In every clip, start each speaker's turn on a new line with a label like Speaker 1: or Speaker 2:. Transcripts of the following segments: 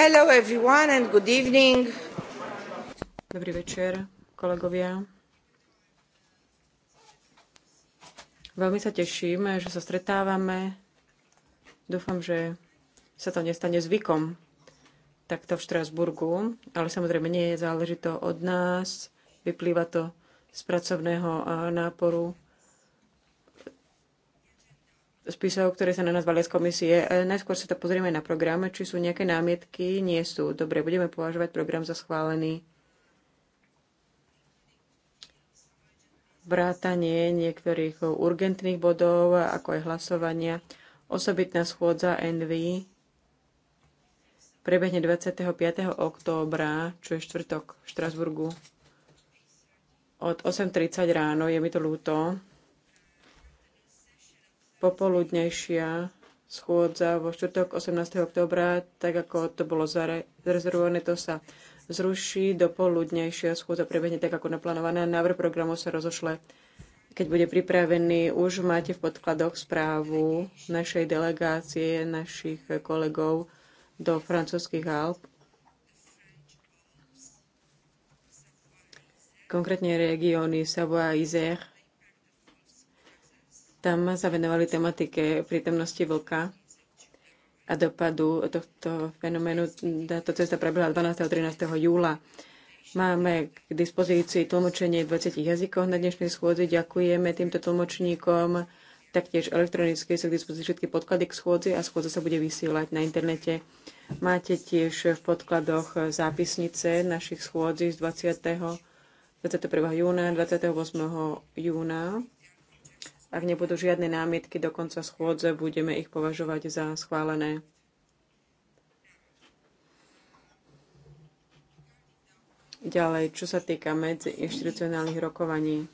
Speaker 1: Hello everyone and good evening. Dobrý večer, kolegovia. Veľmi sa teším, že sa stretávame. Dúfam, že sa to nestane zvykom takto v Štrasburgu, ale samozrejme nie je záležito od nás. Vyplýva to z pracovného náporu spisov, ktoré sa na nás valia z komisie. E, najskôr sa to pozrieme na program, či sú nejaké námietky. Nie sú. Dobre, budeme považovať program za schválený. Vrátanie niektorých urgentných bodov, ako aj hlasovania. Osobitná schôdza NV prebehne 25. októbra, čo je štvrtok v Štrasburgu. Od 8.30 ráno, je mi to ľúto, popoludnejšia schôdza vo štvrtok 18. oktobra, tak ako to bolo zarezervované, to sa zruší, do poludnejšia schôdza prebehne tak ako naplánované. Návrh programu sa rozošle, keď bude pripravený. Už máte v podkladoch správu našej delegácie, našich kolegov do francúzských Alp. Konkrétne regióny Savoie a Isère tam sa venovali tematike prítomnosti vlka a dopadu tohto fenoménu. Táto cesta prebehla 12. a 13. júla. Máme k dispozícii tlmočenie v 20 jazykoch na dnešnej schôdzi. Ďakujeme týmto tlmočníkom. Taktiež elektronicky sú k dispozícii všetky podklady k schôdzi a schôdza sa bude vysielať na internete. Máte tiež v podkladoch zápisnice našich schôdzi z 20. 21. júna, 28. júna, ak nebudú žiadne námietky do konca schôdze, budeme ich považovať za schválené. Ďalej, čo sa týka medzi inštitucionálnych rokovaní.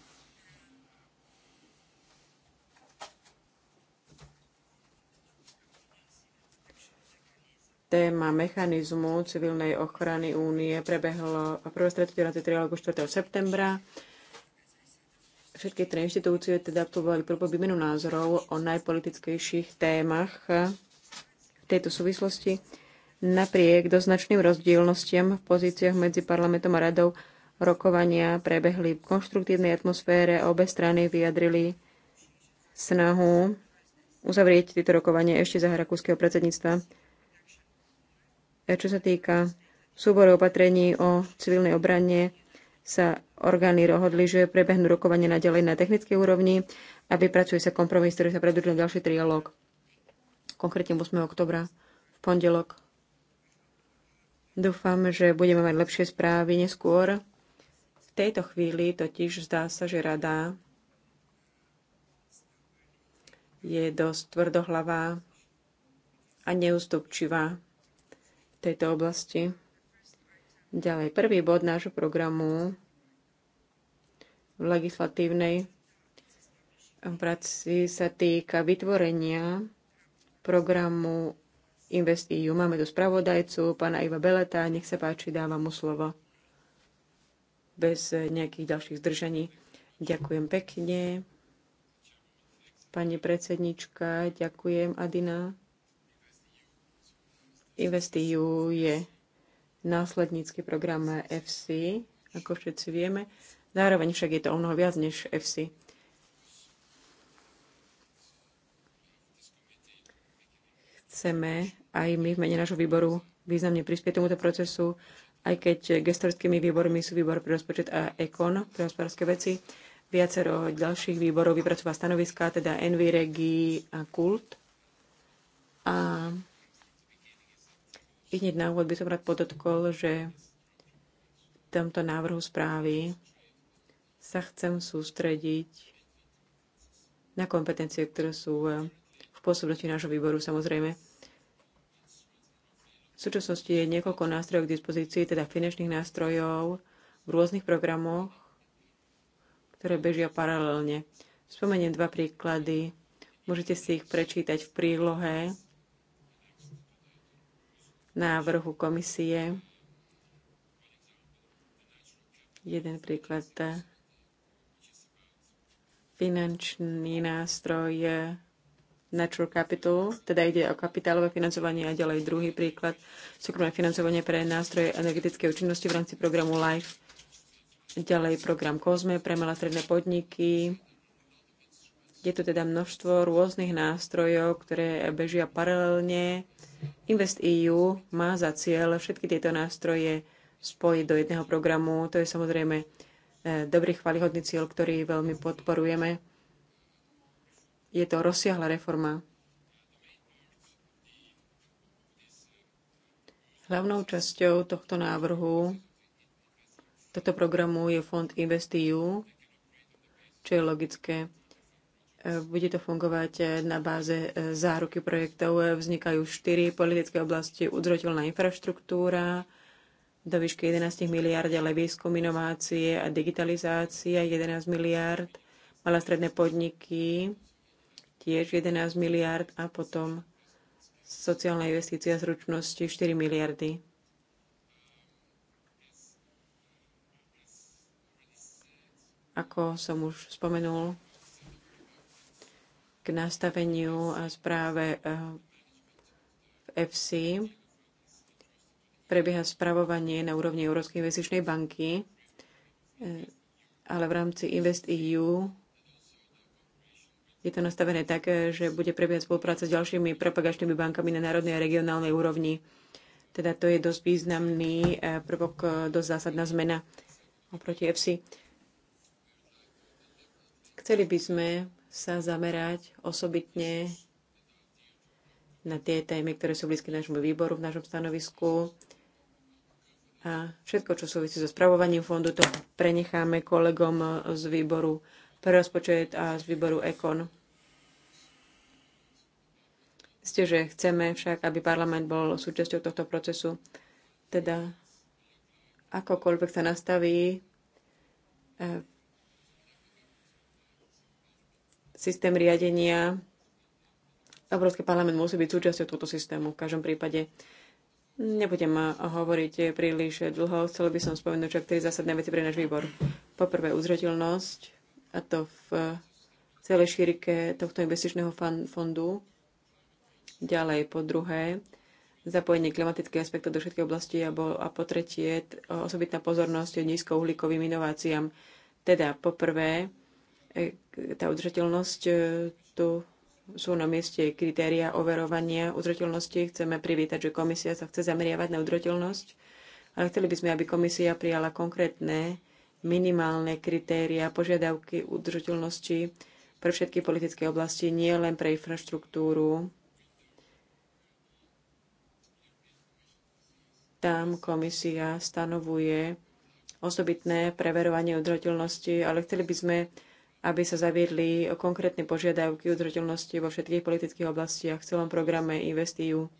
Speaker 1: Téma mechanizmu civilnej ochrany únie prebehlo prvé stretnutie na trialogu 4. septembra všetky tri inštitúcie teda aktuovali prvú výmenu názorov o najpolitickejších témach v tejto súvislosti. Napriek doznačným rozdielnostiam v pozíciách medzi parlamentom a radou rokovania prebehli v konštruktívnej atmosfére a obe strany vyjadrili snahu uzavrieť tieto rokovanie ešte za rakúskeho predsedníctva. Čo sa týka súboru opatrení o civilnej obrane, sa orgány rozhodli, že prebehnú rokovanie naďalej na technickej úrovni a vypracuje sa kompromis, ktorý sa predúžil na ďalší trialóg. Konkrétne 8. oktobra v pondelok. Dúfam, že budeme mať lepšie správy neskôr. V tejto chvíli totiž zdá sa, že rada je dosť tvrdohlavá a neustupčivá v tejto oblasti. Ďalej, prvý bod nášho programu v legislatívnej práci sa týka vytvorenia programu InvestEU. Máme tu spravodajcu, pána Iva Beleta. Nech sa páči, dávam mu slovo bez nejakých ďalších zdržaní. Ďakujem pekne. Pani predsednička, ďakujem Adina. InvestEU je následnícky program FC, ako všetci vieme. Zároveň však je to o mnoho viac než FC. Chceme aj my v mene nášho výboru významne prispieť tomuto procesu, aj keď gestorskými výbormi sú výbor pre rozpočet a ekon pre hospodárske veci. Viacero ďalších výborov vypracová stanoviská, teda Envy, Regi a Kult. A hneď na úvod by som rád podotkol, že v tomto návrhu správy sa chcem sústrediť na kompetencie, ktoré sú eh, v pôsobnosti nášho výboru samozrejme. V súčasnosti je niekoľko nástrojov k dispozícii, teda finančných nástrojov v rôznych programoch, ktoré bežia paralelne. Spomeniem dva príklady. Môžete si ich prečítať v prílohe návrhu komisie. Jeden príklad eh, finančný nástroj Natural Capital, teda ide o kapitálové financovanie a ďalej druhý príklad, súkromné financovanie pre nástroje energetické účinnosti v rámci programu LIFE, ďalej program COSME pre malé stredné podniky. Je tu teda množstvo rôznych nástrojov, ktoré bežia paralelne. Invest EU má za cieľ všetky tieto nástroje spojiť do jedného programu. To je samozrejme dobrý chvalihodný cieľ, ktorý veľmi podporujeme. Je to rozsiahla reforma. Hlavnou časťou tohto návrhu, tohto programu je fond InvestEU, čo je logické. Bude to fungovať na báze záruky projektov. Vznikajú štyri politické oblasti, udržateľná infraštruktúra, do výšky 11 miliard, ale výskum, inovácie a digitalizácia 11 miliard, malé stredné podniky tiež 11 miliard a potom sociálna investícia zručnosti 4 miliardy. Ako som už spomenul, k nastaveniu a správe v eh, FC prebieha spravovanie na úrovni Európskej investičnej banky, e, ale v rámci InvestEU je to nastavené tak, že bude prebiehať spolupráca s ďalšími propagačnými bankami na národnej a regionálnej úrovni. Teda to je dosť významný e, prvok, e, dosť zásadná zmena oproti EFSI. Chceli by sme sa zamerať osobitne na tie témy, ktoré sú blízke nášmu výboru v našom stanovisku. A všetko, čo súvisí so spravovaním fondu, to prenecháme kolegom z výboru pre rozpočet a z výboru EKON. Ste, že chceme však, aby parlament bol súčasťou tohto procesu. Teda akokoľvek sa nastaví e, systém riadenia, Európsky parlament musí byť súčasťou tohto systému. V každom prípade Nebudem hovoriť príliš dlho, chcel by som spomenúť však tri zásadné veci pre náš výbor. Poprvé uzreteľnosť, a to v celej šírike tohto investičného fondu. Ďalej po druhé, zapojenie klimatických aspektov do všetkých oblastí a, po tretie, osobitná pozornosť nízkouhlíkovým inováciám. Teda poprvé, e, tá udržateľnosť e, tu sú na mieste kritéria overovania udržateľnosti. Chceme privítať, že komisia sa chce zameriavať na udržateľnosť, ale chceli by sme, aby komisia prijala konkrétne minimálne kritéria, požiadavky udržateľnosti pre všetky politické oblasti, nie len pre infraštruktúru. Tam komisia stanovuje osobitné preverovanie udržateľnosti, ale chceli by sme aby sa zaviedli konkrétne požiadavky udržateľnosti vo všetkých politických oblastiach v celom programe Investiu.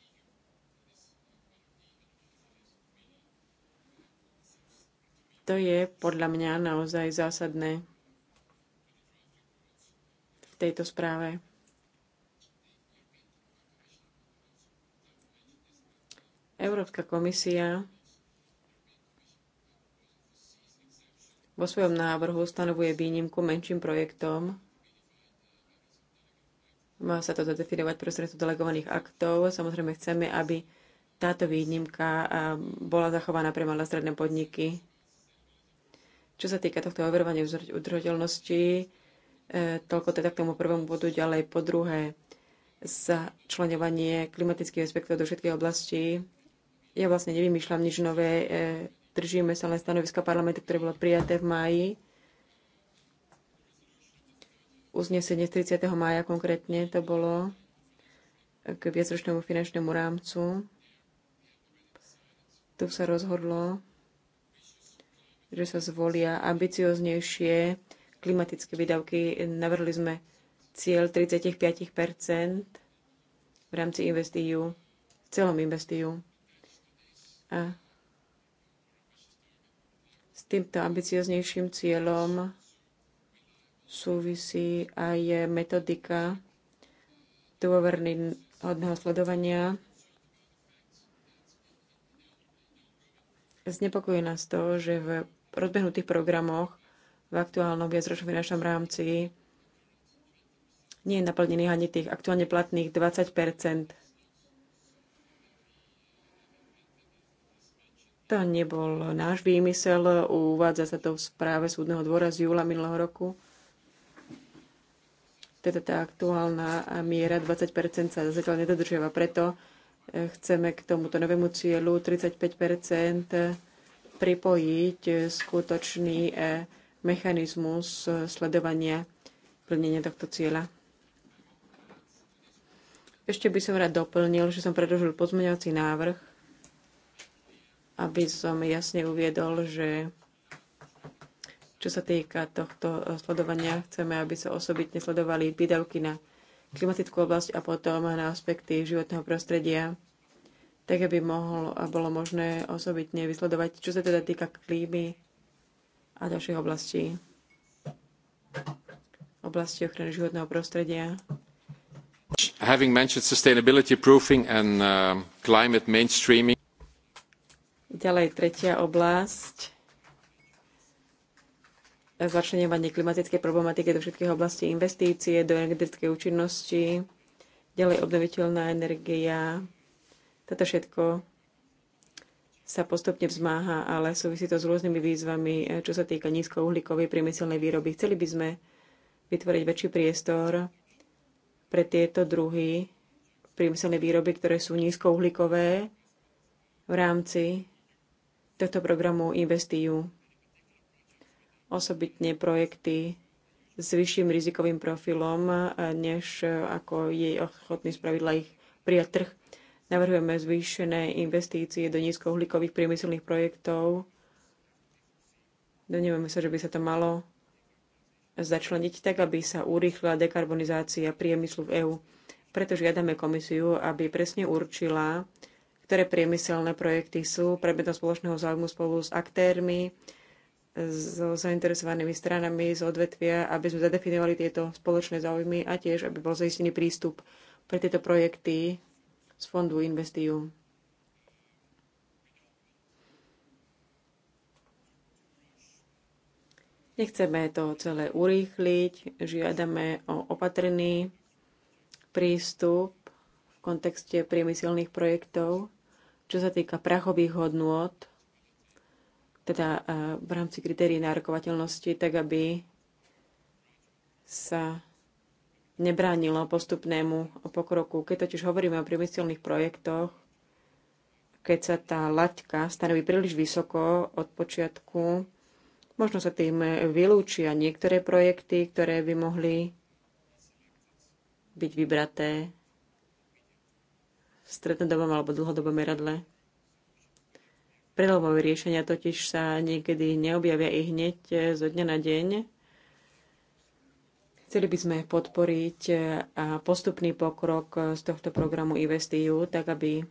Speaker 1: To je podľa mňa naozaj zásadné v tejto správe. Európska komisia vo svojom návrhu stanovuje výnimku menším projektom. Má sa to zadefinovať prostredstvom delegovaných aktov. Samozrejme chceme, aby táto výnimka bola zachovaná pre malé stredné podniky. Čo sa týka tohto overovania udržateľnosti, e, toľko teda k tomu prvému bodu, ďalej po druhé, začlenovanie klimatických aspektov do všetkých oblastí. Ja vlastne nevymýšľam nič nové, e, Držíme sa len stanoviska parlamentu, ktoré bolo prijaté v máji. Uznesenie z 30. mája konkrétne to bolo k viacročnému finančnému rámcu. Tu sa rozhodlo, že sa zvolia ambicioznejšie klimatické výdavky. Navrhli sme cieľ 35 v rámci investíciu, v celom investíciu. A týmto ambicioznejším cieľom súvisí aj metodika dôverného sledovania. Znepokojuje nás to, že v rozbehnutých programoch v aktuálnom viacročnom finančnom rámci nie je naplnených ani tých aktuálne platných 20 To nebol náš výmysel, uvádza sa to v správe súdneho dvora z júla minulého roku. Teda tá aktuálna miera 20% sa zatiaľ nedodržiava, preto e, chceme k tomuto novému cieľu 35% pripojiť skutočný e, mechanizmus e, sledovania plnenia tohto cieľa. Ešte by som rád doplnil, že som predložil pozmeňovací návrh, aby som jasne uviedol, že čo sa týka tohto eh, sledovania, chceme, aby sa osobitne sledovali výdavky na klimatickú oblasť a potom na aspekty životného prostredia, tak aby mohol a bolo možné osobitne vysledovať, čo sa teda týka klímy a ďalších oblastí. Oblasti ochrany životného prostredia.
Speaker 2: Having mentioned sustainability proofing and uh, climate mainstreaming,
Speaker 1: Ďalej tretia oblasť. Začlenovanie klimatickej problematiky do všetkých oblastí investície, do energetickej účinnosti, ďalej obnoviteľná energia. Toto všetko sa postupne vzmáha, ale súvisí to s rôznymi výzvami, čo sa týka nízkouhlíkovej priemyselnej výroby. Chceli by sme vytvoriť väčší priestor pre tieto druhy priemyselnej výroby, ktoré sú nízkouhlíkové v rámci tohto programu investujú osobitne projekty s vyšším rizikovým profilom, než ako je ochotný spravidla ich prijať trh. Navrhujeme zvýšené investície do nízkouhlíkových priemyselných projektov. Domnievame sa, že by sa to malo začleniť tak, aby sa urýchla dekarbonizácia priemyslu v EÚ. Preto žiadame komisiu, aby presne určila, ktoré priemyselné projekty sú predmetom spoločného záujmu spolu s aktérmi, so zainteresovanými stranami z odvetvia, aby sme zadefinovali tieto spoločné záujmy a tiež, aby bol zaistený prístup pre tieto projekty z fondu Investiu. Nechceme to celé urýchliť, žiadame o opatrný prístup v kontexte priemyselných projektov čo sa týka prachových hodnôt, teda e, v rámci kritérií nárokovateľnosti, tak aby sa nebránilo postupnému pokroku. Keď totiž hovoríme o priemyselných projektoch, keď sa tá laťka stanoví príliš vysoko od počiatku, možno sa tým vylúčia niektoré projekty, ktoré by mohli byť vybraté strednodobom alebo dlhodobom meradle. Prelomové riešenia totiž sa niekedy neobjavia i hneď e, zo dňa na deň. Chceli by sme podporiť e, postupný pokrok e, z tohto programu investiu, tak aby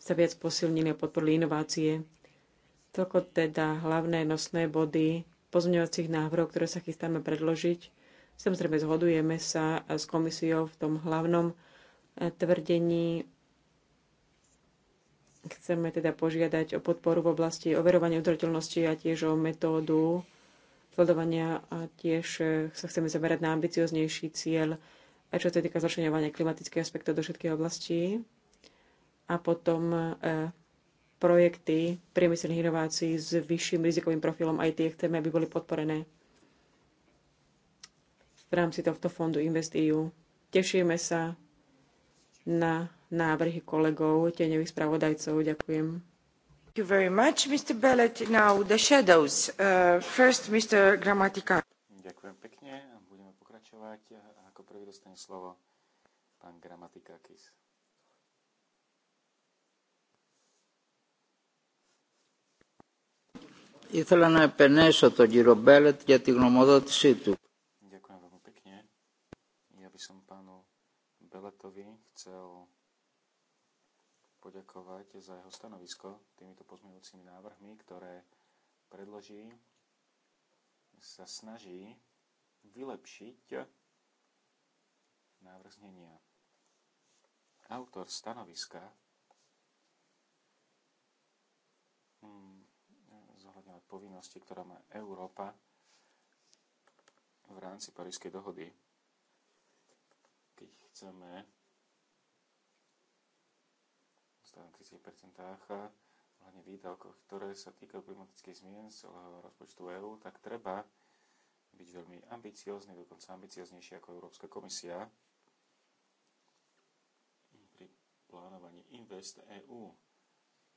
Speaker 1: sa viac posilnili a podporili inovácie. Toľko teda hlavné nosné body pozmeňovacích návrhov, ktoré sa chystáme predložiť. Samozrejme, zhodujeme sa s komisiou v tom hlavnom tvrdení. Chceme teda požiadať o podporu v oblasti overovania udržateľnosti a tiež o metódu sledovania a tiež eh, sa chceme zamerať na ambicioznejší cieľ, aj čo sa týka začlenovania klimatických aspektov do všetkých oblastí a potom eh, projekty priemyselných inovácií s vyšším rizikovým profilom aj tie chceme, aby boli podporené v rámci tohto fondu InvestEU. Tešíme sa na návrhy kolegov, tieňových spravodajcov. Ďakujem. Thank you very much, Mr. Bellet. Now the shadows. Uh, first, Mr. Gramatika.
Speaker 2: Ďakujem pekne. Budeme pokračovať. ako prvý dostane slovo pán Gramatikakis.
Speaker 3: Ήθελα να επενέσω τον κύριο Μπέλετ για τη γνωμοδότησή του.
Speaker 2: Beletovi chcel poďakovať za jeho stanovisko týmito pozmeňujúcimi návrhmi, ktoré predloží, sa snaží vylepšiť návrh znenia. Autor stanoviska hmm, zohľadňovať povinnosti, ktorá má Európa v rámci Parískej dohody chceme v na 30% hlavne výdavkov, ktoré sa týkajú klimatických zmien z rozpočtu EÚ, tak treba byť veľmi ambiciózny, dokonca ambicioznejší ako Európska komisia pri plánovaní Invest EU.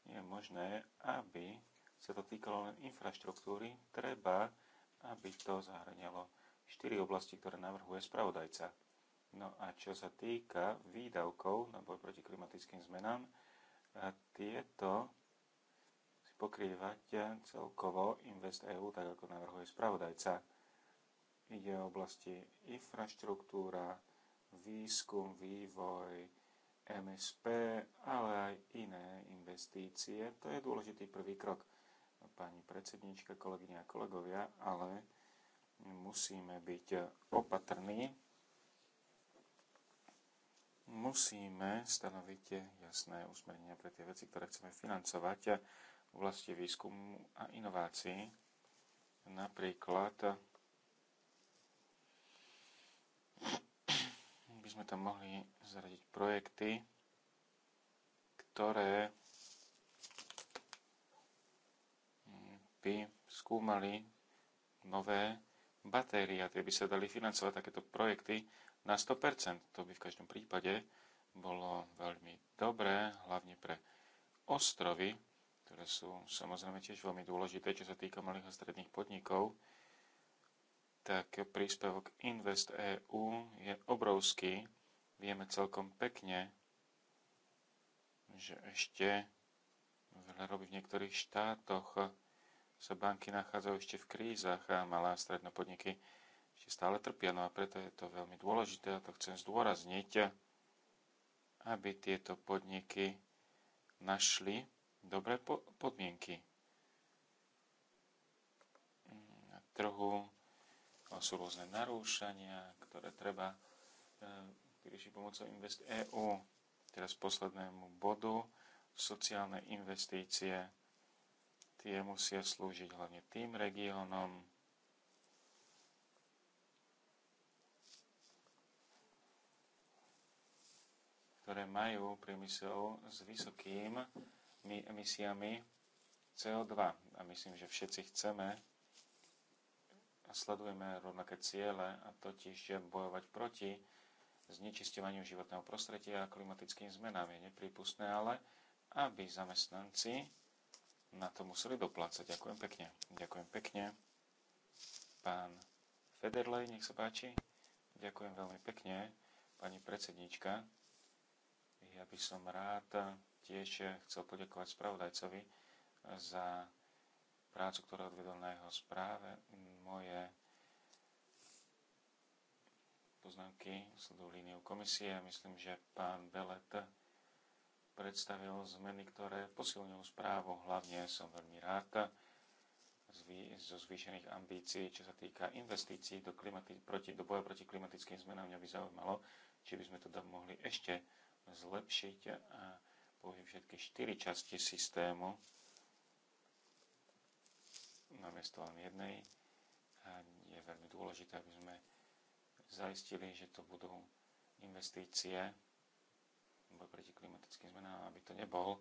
Speaker 2: Je možné, aby sa to týkalo len infraštruktúry, treba, aby to zahrňalo štyri oblasti, ktoré navrhuje spravodajca. No a čo sa týka výdavkov na boj proti klimatickým zmenám, tieto si pokrývať e, celkovo Invest EU, tak ako navrhuje spravodajca. Ide o oblasti infraštruktúra, výskum, vývoj, MSP, ale aj iné investície. To je dôležitý prvý krok, no, pani predsednička, kolegyne a kolegovia, ale musíme byť opatrní, musíme stanoviť jasné usmernenia pre tie veci, ktoré chceme financovať v oblasti výskumu a inovácií. Napríklad by sme tam mohli zaradiť projekty, ktoré by skúmali nové batérie a tie by sa dali financovať takéto projekty na 100%. To by v každom prípade bolo veľmi dobré, hlavne pre ostrovy, ktoré sú samozrejme tiež veľmi dôležité, čo sa týka malých a stredných podnikov, tak príspevok Invest EU je obrovský. Vieme celkom pekne, že ešte veľa robí v niektorých štátoch sa banky nachádzajú ešte v krízach a malé a stredné podniky ešte stále trpia. No a preto je to veľmi dôležité a to chcem zdôrazniť, aby tieto podniky našli dobré podmienky. Na trhu sú rôzne narúšania, ktoré treba vyriešiť e, pomocou Invest EU. Teraz poslednému bodu sociálne investície. Tie musia slúžiť hlavne tým regiónom, ktoré majú priemysel s vysokými emisiami CO2. A myslím, že všetci chceme a sledujeme rovnaké ciele, a totiž je bojovať proti znečisťovaniu životného prostredia a klimatickým zmenám. Je neprípustné ale, aby zamestnanci na to museli doplácať. Ďakujem pekne. Ďakujem pekne. Pán Federlej, nech sa páči. Ďakujem veľmi pekne, pani predsednička, ja by som rád tiež chcel poďakovať spravodajcovi za prácu, ktorú odvedol na jeho správe. Moje poznámky do líniu komisie a myslím, že pán Belet predstavil zmeny, ktoré posilňujú správu. Hlavne som veľmi rád zo zvýšených ambícií, čo sa týka investícií do, klimati- proti, do boja proti klimatickým zmenám. Mňa by zaujímalo, či by sme to mohli ešte zlepšiť a použiť všetky štyri časti systému namiesto len jednej. A je veľmi dôležité, aby sme zaistili, že to budú investície boj proti klimatickým zmenám, aby to nebol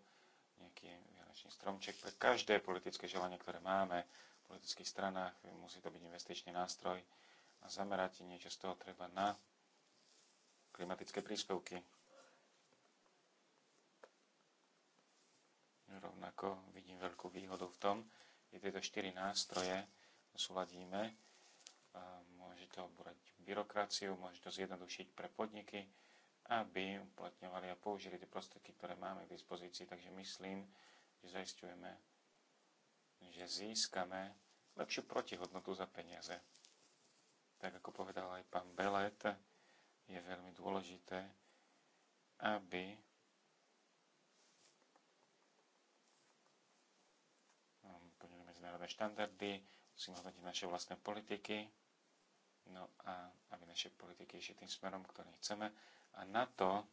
Speaker 2: nejaký vianočný stromček. Pre každé politické želanie, ktoré máme v politických stranách, musí to byť investičný nástroj a zamerať niečo z toho treba na klimatické príspevky. rovnako vidím veľkú výhodu v tom, že tieto štyri nástroje súladíme. Môže to obúrať byrokraciu, môže to zjednodušiť pre podniky, aby uplatňovali a použili tie prostriedky, ktoré máme k dispozícii. Takže myslím, že zaistujeme, že získame lepšiu protihodnotu za peniaze. Tak ako povedal aj pán Belet, je veľmi dôležité, aby medzinárodné štandardy, musíme hodnotiť naše vlastné politiky, no a aby naše politiky išli tým smerom, ktorý chceme. A na to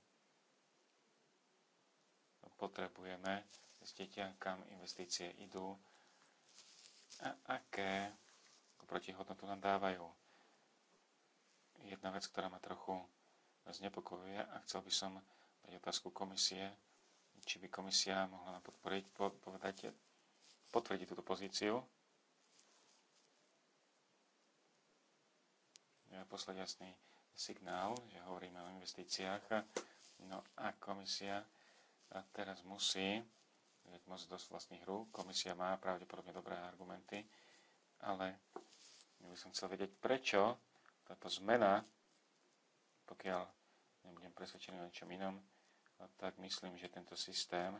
Speaker 2: potrebujeme zistiť, kam investície idú a aké protihodnotu nám dávajú. Jedna vec, ktorá ma trochu znepokojuje a chcel by som dať otázku komisie, či by komisia mohla nám podporiť, povedať, potvrdí túto pozíciu. Ja posledný jasný signál, že hovoríme o investíciách. No a komisia teraz musí vziať moc dosť vlastných rúk. Komisia má pravdepodobne dobré argumenty, ale ja by som chcel vedieť, prečo táto zmena, pokiaľ nebudem presvedčený o niečom inom, tak myslím, že tento systém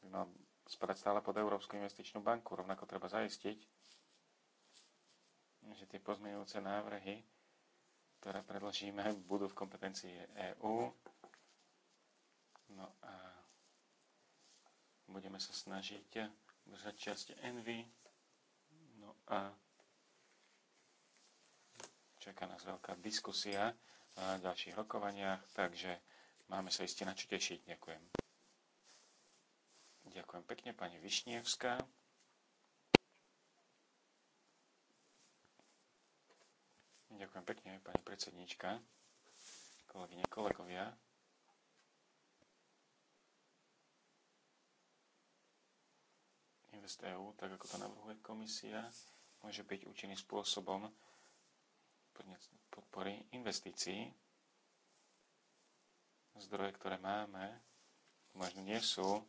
Speaker 2: by mal spadať stále pod Európsku investičnú banku. Rovnako treba zaistiť, že tie pozmeňujúce návrhy, ktoré predložíme, budú v kompetencii EÚ. No a budeme sa snažiť držať časť Envy. No a čaká nás veľká diskusia na ďalších rokovaniach, takže máme sa iste na čo tešiť. Ďakujem. Ďakujem pekne, pani Višnievská. Ďakujem pekne, pani predsednička, kolegyne, kolegovia. EU e tak ako to navrhuje komisia, môže byť účinný spôsobom podpory investícií. Zdroje, ktoré máme, možno nie sú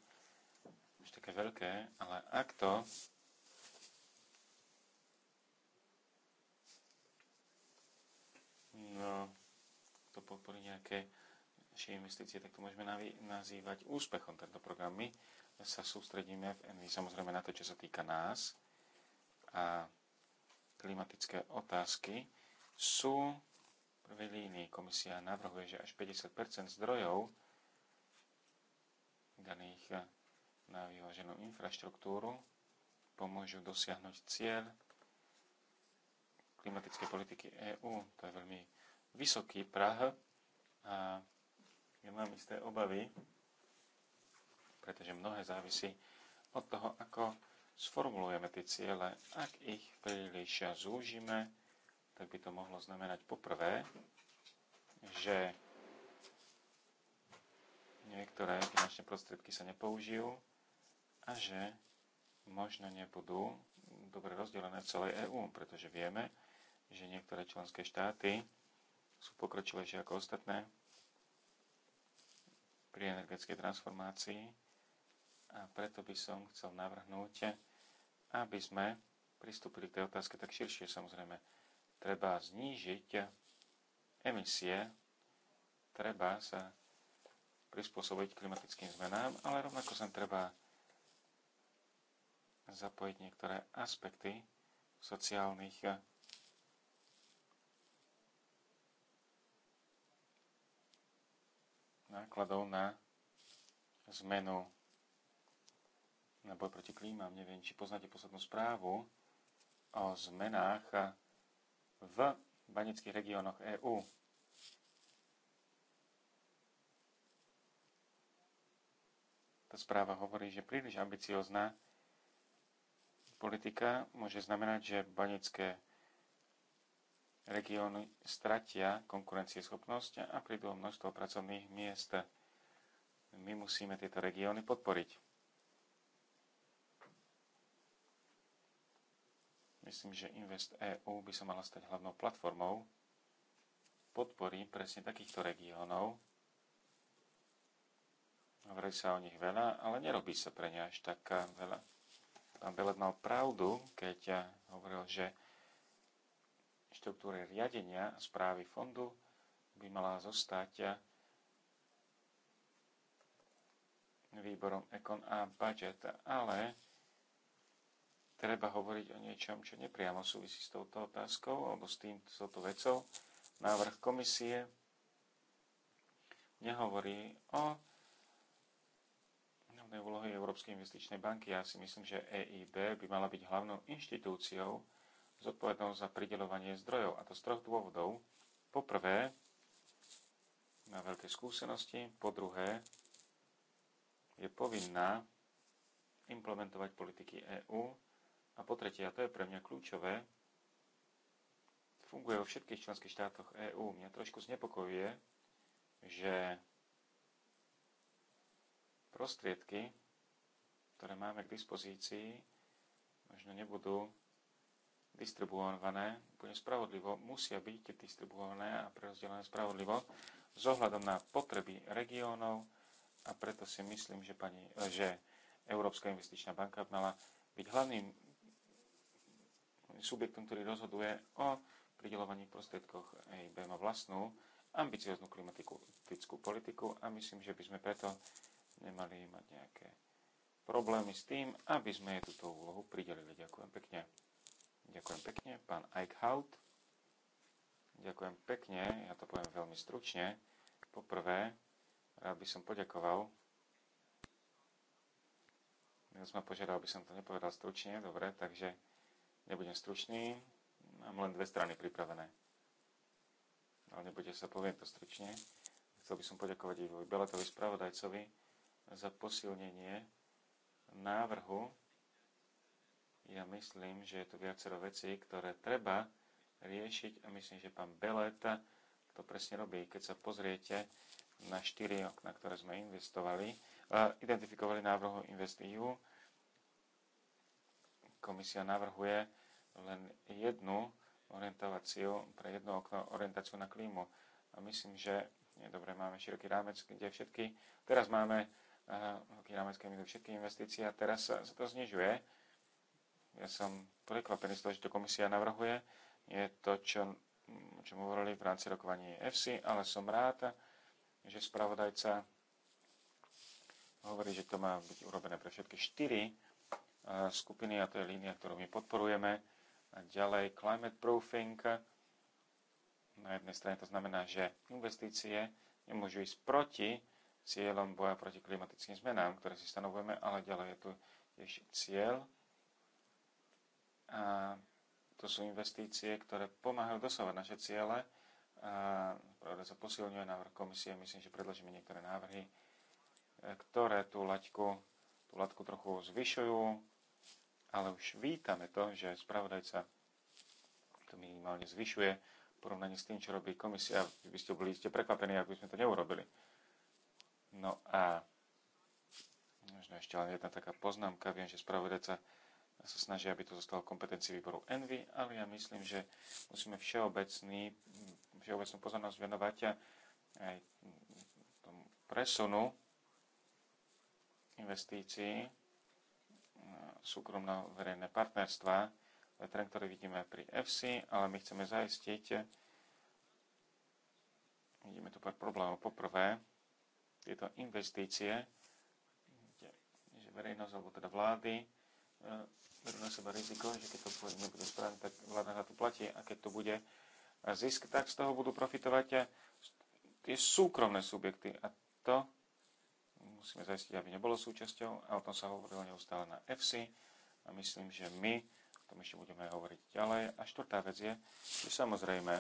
Speaker 2: až také veľké, ale ak to no, to podporí nejaké šie investície, tak to môžeme nazývať úspechom tento program. My sa sústredíme v Envy samozrejme na to, čo sa týka nás a klimatické otázky sú v prvej línii. Komisia navrhuje, že až 50 zdrojov daných na vyváženú infraštruktúru pomôžu dosiahnuť cieľ klimatickej politiky EÚ. To je veľmi vysoký prah a ja mám isté obavy, pretože mnohé závisí od toho, ako sformulujeme tie ciele. Ak ich príliš zúžime, tak by to mohlo znamenať poprvé, že niektoré finančné prostriedky sa nepoužijú a že možno nebudú dobre rozdelené v celej EÚ, pretože vieme, že niektoré členské štáty sú pokročilejšie ako ostatné pri energetickej transformácii a preto by som chcel navrhnúť, aby sme pristúpili k tej otázke tak širšie samozrejme. Treba znížiť emisie, treba sa prispôsobiť klimatickým zmenám, ale rovnako sa treba zapojiť niektoré aspekty sociálnych eh, nákladov na zmenu na boj proti klímam. Neviem, či poznáte poslednú správu o zmenách eh, v banických regiónoch EÚ. Tá správa hovorí, že príliš ambiciozná politika môže znamenať, že banické regióny stratia konkurencieschopnosť a prídu množstvo pracovných miest. My musíme tieto regióny podporiť. Myslím, že Invest EU by sa mala stať hlavnou platformou podpory presne takýchto regiónov. Hovorí sa o nich veľa, ale nerobí sa pre ne až tak veľa pán Belet mal pravdu, keď eh, hovoril, že štruktúry riadenia správy fondu by mala zostať eh, výborom Econ a Budget, ale treba hovoriť o niečom, čo nepriamo súvisí s touto otázkou alebo s týmto s touto vecou. Návrh komisie nehovorí o Európskej investičnej banky. Ja si myslím, že EIB by mala byť hlavnou inštitúciou zodpovednou za pridelovanie zdrojov. A to z troch dôvodov. Po prvé, má veľké skúsenosti. Po druhé, je povinná implementovať politiky EÚ. A po tretie, a to je pre mňa kľúčové, funguje vo všetkých členských štátoch EÚ. Mňa trošku znepokojuje, že prostriedky ktoré máme k dispozícii, možno nebudú distribuované, bude spravodlivo, musia byť distribuované a prerozdelené spravodlivo s ohľadom na potreby regiónov a preto si myslím, že, pani, že Európska investičná banka mala byť hlavným subjektom, ktorý rozhoduje o pridelovaní prostriedkoch EIB na vlastnú ambicioznú klimatickú politiku a myslím, že by sme preto nemali mať nejaké problémy s tým, aby sme jej túto úlohu pridelili. Ďakujem pekne. Ďakujem pekne, pán Eichhout. Ďakujem pekne, ja to poviem veľmi stručne. Poprvé, rád by som poďakoval. Ja som ma požiadal, aby som to nepovedal stručne, dobre, takže nebudem stručný. Mám len dve strany pripravené. Ale nebude sa, poviem to stručne. Chcel by som poďakovať Ivovi Beletovi, spravodajcovi, za posilnenie návrhu ja myslím, že je tu viacero vecí, ktoré treba riešiť a myslím, že pán Beleta to presne robí. Keď sa pozriete na štyri okna, ktoré sme investovali, identifikovali návrhu investiu, e komisia navrhuje len jednu orientáciu pre jedno okno, orientáciu na klímu. A myslím, že je dobre, máme široký rámec, kde všetky, teraz máme hokej rámecká medzi všetky investície a teraz sa, sa to znižuje. Ja som prekvapený z toho, že to komisia navrhuje. Je to, čo, čo hovorili v rámci rokovaní FC, ale som rád, že spravodajca hovorí, že to má byť urobené pre všetky štyri eh, skupiny a to je línia, ktorú my podporujeme. A ďalej climate proofing. Na jednej strane to znamená, že investície nemôžu ísť proti cieľom boja proti klimatickým zmenám, ktoré si stanovujeme, ale ďalej je tu tiež cieľ. A to sú investície, ktoré pomáhajú dosovať naše ciele. Pravda sa posilňuje návrh komisie, myslím, že predložíme niektoré návrhy, e, ktoré tú laťku, tú laťku trochu zvyšujú, ale už vítame to, že spravodajca to minimálne zvyšuje v porovnaní s tým, čo robí komisia. Vy by ste boli ste prekvapení, ak by sme to neurobili. No a možno ešte len jedna taká poznámka. Viem, že spravodajca sa snaží, aby to zostalo v kompetencii výboru Envy, ale ja myslím, že musíme všeobecný, všeobecnú pozornosť venovať aj tomu presunu investícií súkromno-verejné partnerstva, To je trend, ktorý vidíme pri FC, ale my chceme zaistiť, vidíme tu pár problémov. Poprvé, tieto investície, že verejnosť alebo teda vlády e, berú na seba riziko, že keď to nebude správne, tak vláda na to platí a keď to bude zisk, tak z toho budú profitovať tie súkromné subjekty a to musíme zaistiť, aby nebolo súčasťou a o tom sa hovorilo neustále na EFSI a myslím, že my o tom ešte budeme hovoriť ďalej. A štvrtá vec je, že samozrejme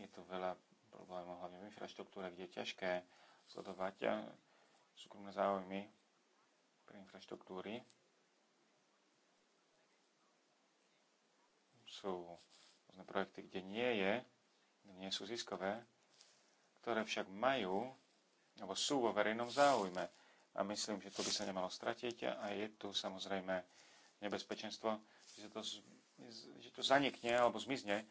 Speaker 2: je tu veľa problémov, hlavne v infraštruktúre, kde je ťažké sledovať eh, súkromné záujmy pri infraštruktúry. Sú rôzne projekty, kde nie je, nie sú ziskové, ktoré však majú, alebo sú vo verejnom záujme. A myslím, že to by sa nemalo stratiť a je tu samozrejme nebezpečenstvo, že to, že to zanikne alebo zmizne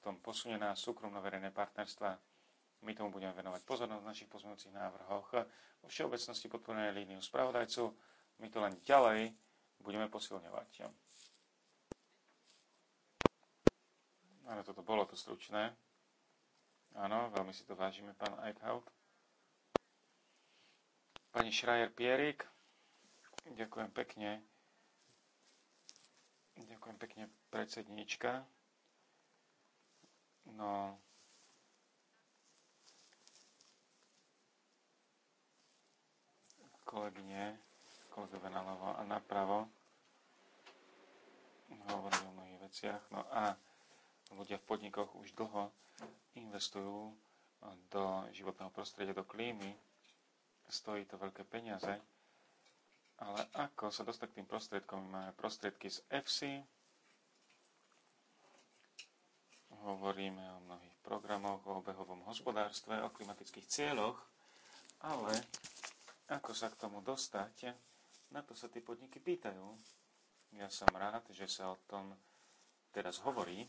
Speaker 2: potom posunie na súkromno-verejné partnerstva. My tomu budeme venovať pozornosť v našich pozmeňujúcich návrhoch. Vo všeobecnosti podporujeme líniu spravodajcu. My to len ďalej budeme posilňovať. Áno, toto bolo to stručné. Áno, veľmi si to vážime, pán Eichhout. Pani Schreier-Pierik, ďakujem pekne. Ďakujem pekne, predsedníčka. No, kolegyne, kolegové naľavo a pravo hovorili o mnohých veciach. No a ľudia v podnikoch už dlho investujú do životného prostredia, do klímy. Stojí to veľké peniaze. Ale ako sa dostať k tým prostriedkom? My máme prostriedky z EFSI, hovoríme o mnohých programoch, o obehovom hospodárstve, o klimatických cieľoch, ale ako sa k tomu dostať, na to sa tie podniky pýtajú. Ja som rád, že sa o tom teraz hovorí.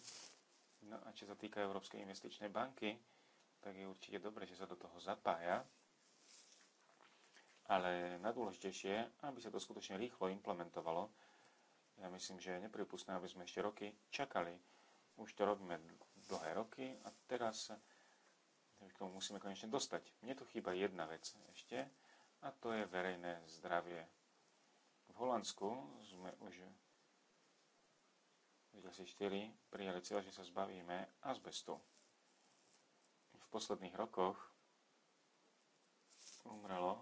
Speaker 2: No a čo sa týka Európskej investičnej banky, tak je určite dobre, že sa do toho zapája. Ale najdôležitejšie, aby sa to skutočne rýchlo implementovalo. Ja myslím, že je nepripustné, aby sme ešte roky čakali už to robíme dlhé roky a teraz k tomu musíme konečne dostať. Mne tu chýba jedna vec ešte a to je verejné zdravie. V Holandsku sme už v 2004 prijali cieľ, že sa zbavíme azbestu. V posledných rokoch umrelo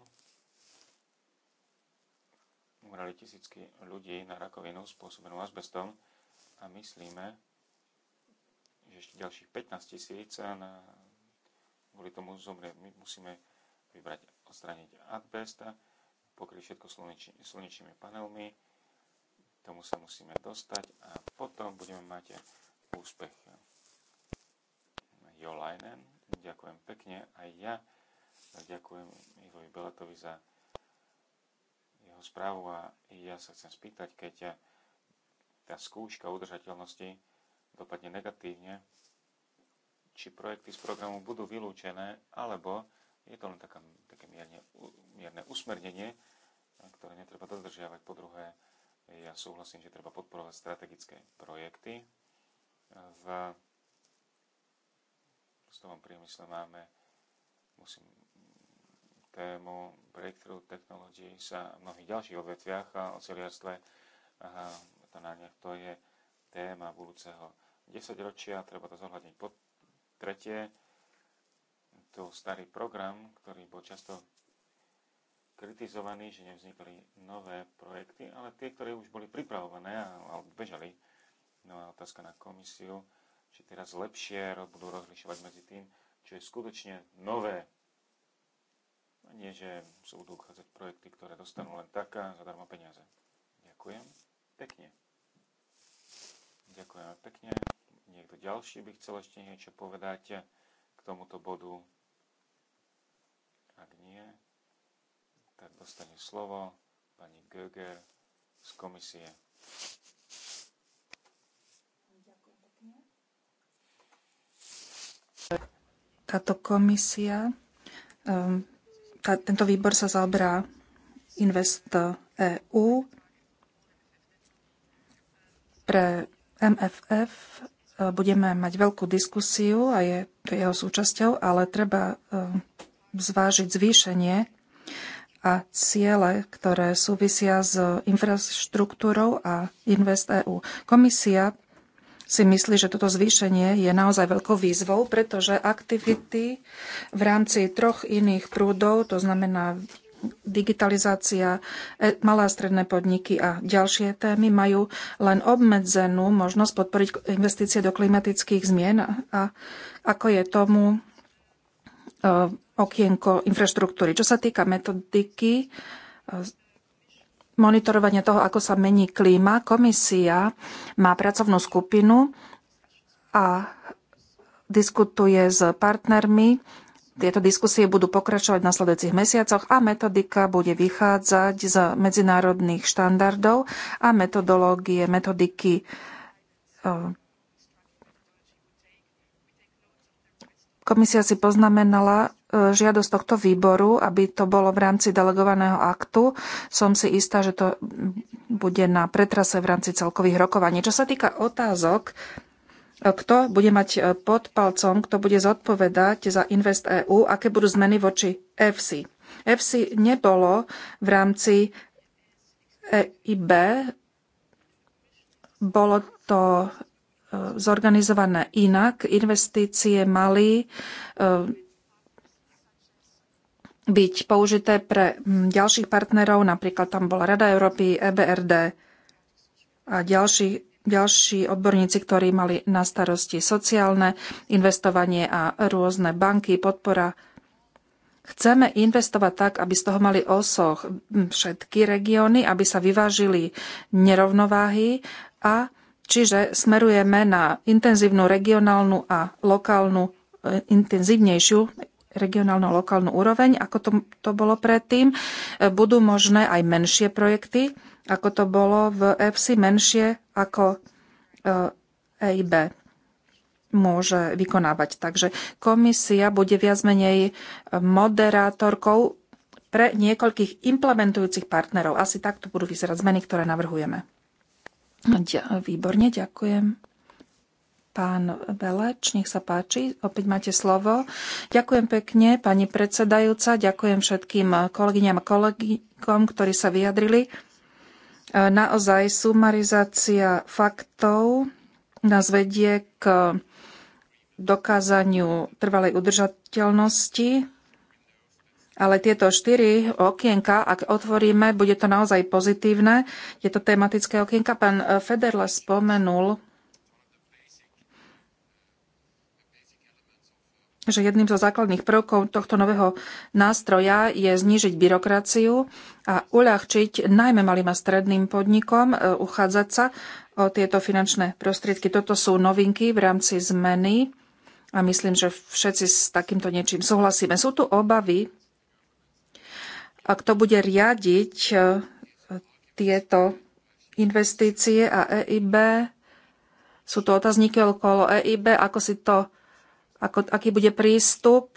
Speaker 2: umreli tisícky ľudí na rakovinu spôsobenú azbestom a myslíme, že ešte ďalších 15 tisíc na, kvôli tomu zomrie. My musíme vybrať, odstrániť adbesta, pokryť všetko slunečnými, slnečnými panelmi, tomu sa musíme dostať a potom budeme mať úspech. jo Jolajnen, ďakujem pekne aj ja. ďakujem Ivovi Belatovi za jeho správu a ja sa chcem spýtať, keď ja, tá skúška udržateľnosti dopadne negatívne, či projekty z programu budú vylúčené, alebo je to len taká, také mierne, mierne usmernenie, ktoré netreba dodržiavať. Po druhé, ja súhlasím, že treba podporovať strategické projekty. V prostovom priemysle máme musím, tému Breakthrough Technology sa v mnohých ďalších odvetviach a Aha, to na nech to je téma budúceho 10 ročia, treba to zohľadniť po tretie. to starý program, ktorý bol často kritizovaný, že nevznikli nové projekty, ale tie, ktoré už boli pripravované alebo bežali. No a otázka na komisiu, či teraz lepšie budú rozlišovať medzi tým, čo je skutočne nové. A nie, že sa budú uchádzať projekty, ktoré dostanú len tak a zadarmo peniaze. Ďakujem pekne. Ďakujem pekne niekto ďalší by chcel ešte niečo povedať k tomuto bodu? Ak nie, tak dostane slovo pani Göger z komisie.
Speaker 3: Táto komisia, ehm, tá, tento výbor sa zaoberá Invest EU pre MFF Eh, budeme mať veľkú diskusiu a je to jeho súčasťou, ale treba eh, zvážiť zvýšenie a ciele, ktoré súvisia s infraštruktúrou a Invest EU. Komisia si myslí, že toto zvýšenie je naozaj veľkou výzvou, pretože aktivity v rámci troch iných prúdov, to znamená digitalizácia, e, malé a stredné podniky a ďalšie témy majú len obmedzenú možnosť podporiť investície do klimatických zmien a ako je tomu e, okienko infraštruktúry. Čo sa týka metodiky e, monitorovania toho, ako sa mení klíma, komisia má pracovnú skupinu a diskutuje s partnermi tieto diskusie budú pokračovať v nasledujúcich mesiacoch a metodika bude vychádzať z medzinárodných štandardov a metodológie, metodiky eh, Komisia si poznamenala eh, žiadosť tohto výboru, aby to bolo v rámci delegovaného aktu. Som si istá, že to bude na pretrase v rámci celkových rokovaní. Čo sa týka otázok kto bude mať e, pod palcom, kto bude zodpovedať za Invest EU, aké budú zmeny voči EFSI. EFSI nebolo v rámci EIB, bolo to e, zorganizované inak. Investície mali e, byť použité pre ďalších partnerov, napríklad tam bola Rada Európy, EBRD a ďalší ďalší odborníci, ktorí mali na starosti sociálne investovanie a rôzne banky, podpora. Chceme investovať tak, aby z toho mali osoch všetky regióny, aby sa vyvážili nerovnováhy a čiže smerujeme na intenzívnu regionálnu a lokálnu eh, intenzívnejšiu regionálnu a lokálnu úroveň, ako to, to bolo predtým. E, budú možné aj menšie projekty, ako to bolo v EFSI, menšie ako EIB e môže vykonávať. Takže komisia bude viac menej e, moderátorkou pre niekoľkých implementujúcich partnerov. Asi takto budú vyzerať zmeny, ktoré navrhujeme. Výborne, ďakujem. Pán Beleč, nech sa páči, opäť máte slovo. Ďakujem pekne, pani predsedajúca, ďakujem všetkým kolegyňam a kolegom, ktorí sa vyjadrili. E, naozaj sumarizácia faktov nás vedie k dokázaniu trvalej udržateľnosti ale tieto štyri okienka, ak otvoríme, bude to naozaj pozitívne. Je to tematické okienka. Pán Federle spomenul že jedným zo základných prvkov tohto nového nástroja je znížiť byrokraciu a uľahčiť najmä malým a stredným podnikom e, uchádzať sa o tieto finančné prostriedky. Toto sú novinky v rámci zmeny a myslím, že všetci s takýmto niečím súhlasíme. Sú tu obavy, a kto bude riadiť e, tieto investície a EIB. Sú to otázníky okolo EIB, ako si to ako, aký bude prístup.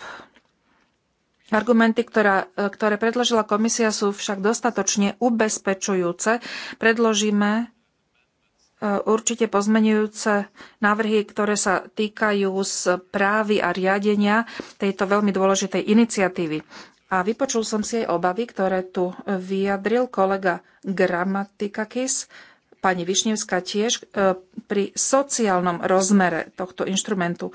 Speaker 3: Argumenty, ktorá, e, ktoré predložila komisia, sú však dostatočne ubezpečujúce. Predložíme e, určite pozmenujúce návrhy, ktoré sa týkajú správy a riadenia tejto veľmi dôležitej iniciatívy. A vypočul som si aj obavy, ktoré tu vyjadril kolega Gramatikakis, pani Višnevská tiež, e, pri sociálnom rozmere tohto inštrumentu.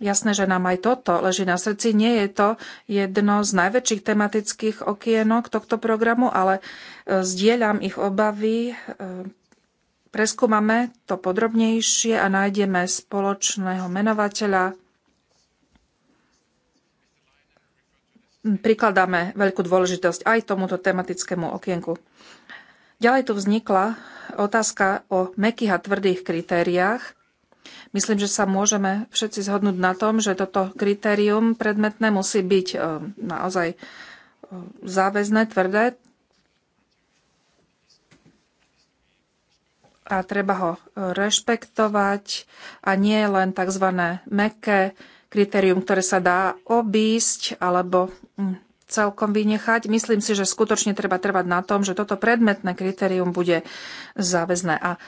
Speaker 3: Jasné, že nám aj toto leží na srdci. Nie je to jedno z najväčších tematických okienok tohto programu, ale e, zdieľam ich obavy. E, preskúmame to podrobnejšie a nájdeme spoločného menovateľa. Prikladáme veľkú dôležitosť aj tomuto tematickému okienku. Ďalej tu vznikla otázka o mekých a tvrdých kritériách Myslím, že sa môžeme všetci zhodnúť na tom, že toto kritérium predmetné musí byť e, naozaj e, záväzné, tvrdé a treba ho rešpektovať a nie len tzv. meké kritérium, ktoré sa dá obísť alebo mm, celkom vynechať. Myslím si, že skutočne treba trvať na tom, že toto predmetné kritérium bude záväzné. A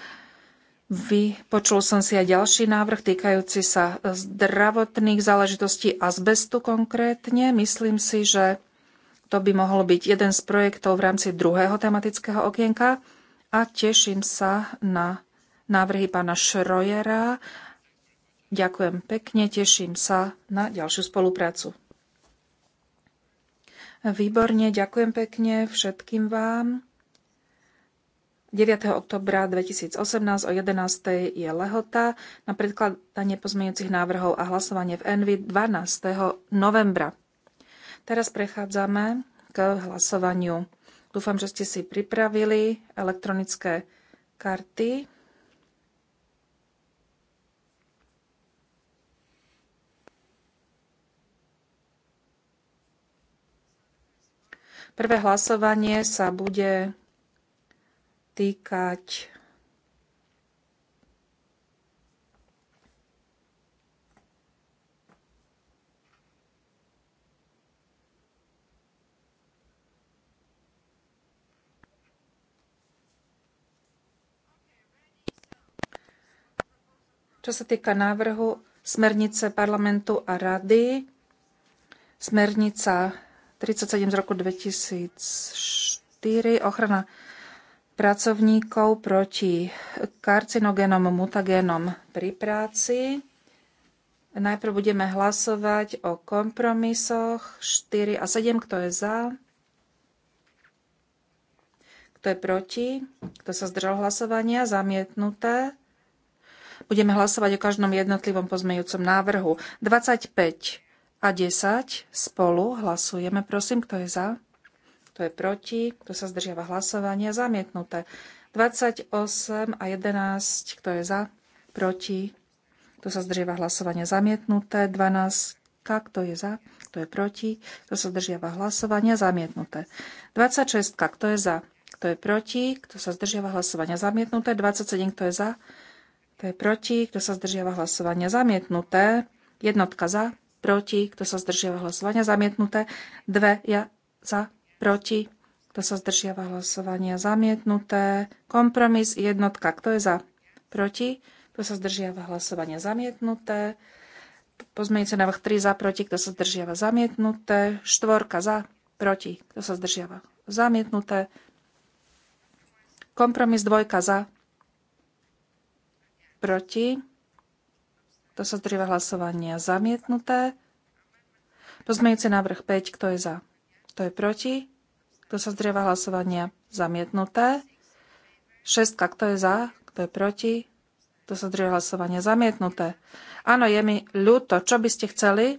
Speaker 3: Vypočul som si aj ďalší návrh týkajúci sa e, zdravotných záležitostí azbestu konkrétne. Myslím si, že to by mohol byť jeden z projektov v rámci druhého tematického okienka a teším sa na návrhy pána Šrojera. Ďakujem pekne, teším sa na ďalšiu spoluprácu. Výborne, ďakujem pekne všetkým vám. 9. oktobra 2018 o 11. je lehota na predkladanie pozmeňujúcich návrhov a hlasovanie v Envi 12. novembra. Teraz prechádzame k hlasovaniu. Dúfam, že ste si pripravili elektronické karty. Prvé hlasovanie sa bude týkať Čo sa týka návrhu smernice parlamentu a rady, smernica 37 z roku 2004, ochrana pracovníkov proti karcinogénom, mutagénom pri práci. Najprv budeme hlasovať o kompromisoch 4 a 7, kto je za, kto je proti, kto sa zdržal hlasovania, zamietnuté. Budeme hlasovať o každom jednotlivom pozmejúcom návrhu. 25 a 10 spolu hlasujeme, prosím, kto je za, kto je proti, kto sa zdržiava hlasovania, zamietnuté. 28 a 11, kto je za, proti, kto sa zdržiava hlasovania, zamietnuté. 12, kto je za, kto je proti, kto sa zdržiava hlasovania, zamietnuté. 26, kto je za, kto je proti, kto sa zdržiava hlasovania, zamietnuté. 27, kto je za, kto je proti, kto sa zdržiava hlasovania, zamietnuté. Jednotka za, proti, kto sa zdržiava hlasovania, zamietnuté. Dve ja za, proti, kto sa zdržiava hlasovania zamietnuté, kompromis jednotka, kto je za, proti, kto sa zdržiava hlasovania zamietnuté, pozmeňujúce návrh 3 za, proti, kto sa zdržiava zamietnuté, štvorka za, proti, kto sa zdržiava zamietnuté, kompromis dvojka za, proti, kto sa zdržiava hlasovania zamietnuté, pozmeňujúce návrh 5, kto je za, kto je proti, kto sa zdrieva hlasovania? Zamietnuté. Šestka, kto je za? Kto je proti? Kto sa zdrieva hlasovania? Zamietnuté. Áno, je mi ľúto. Čo by ste chceli?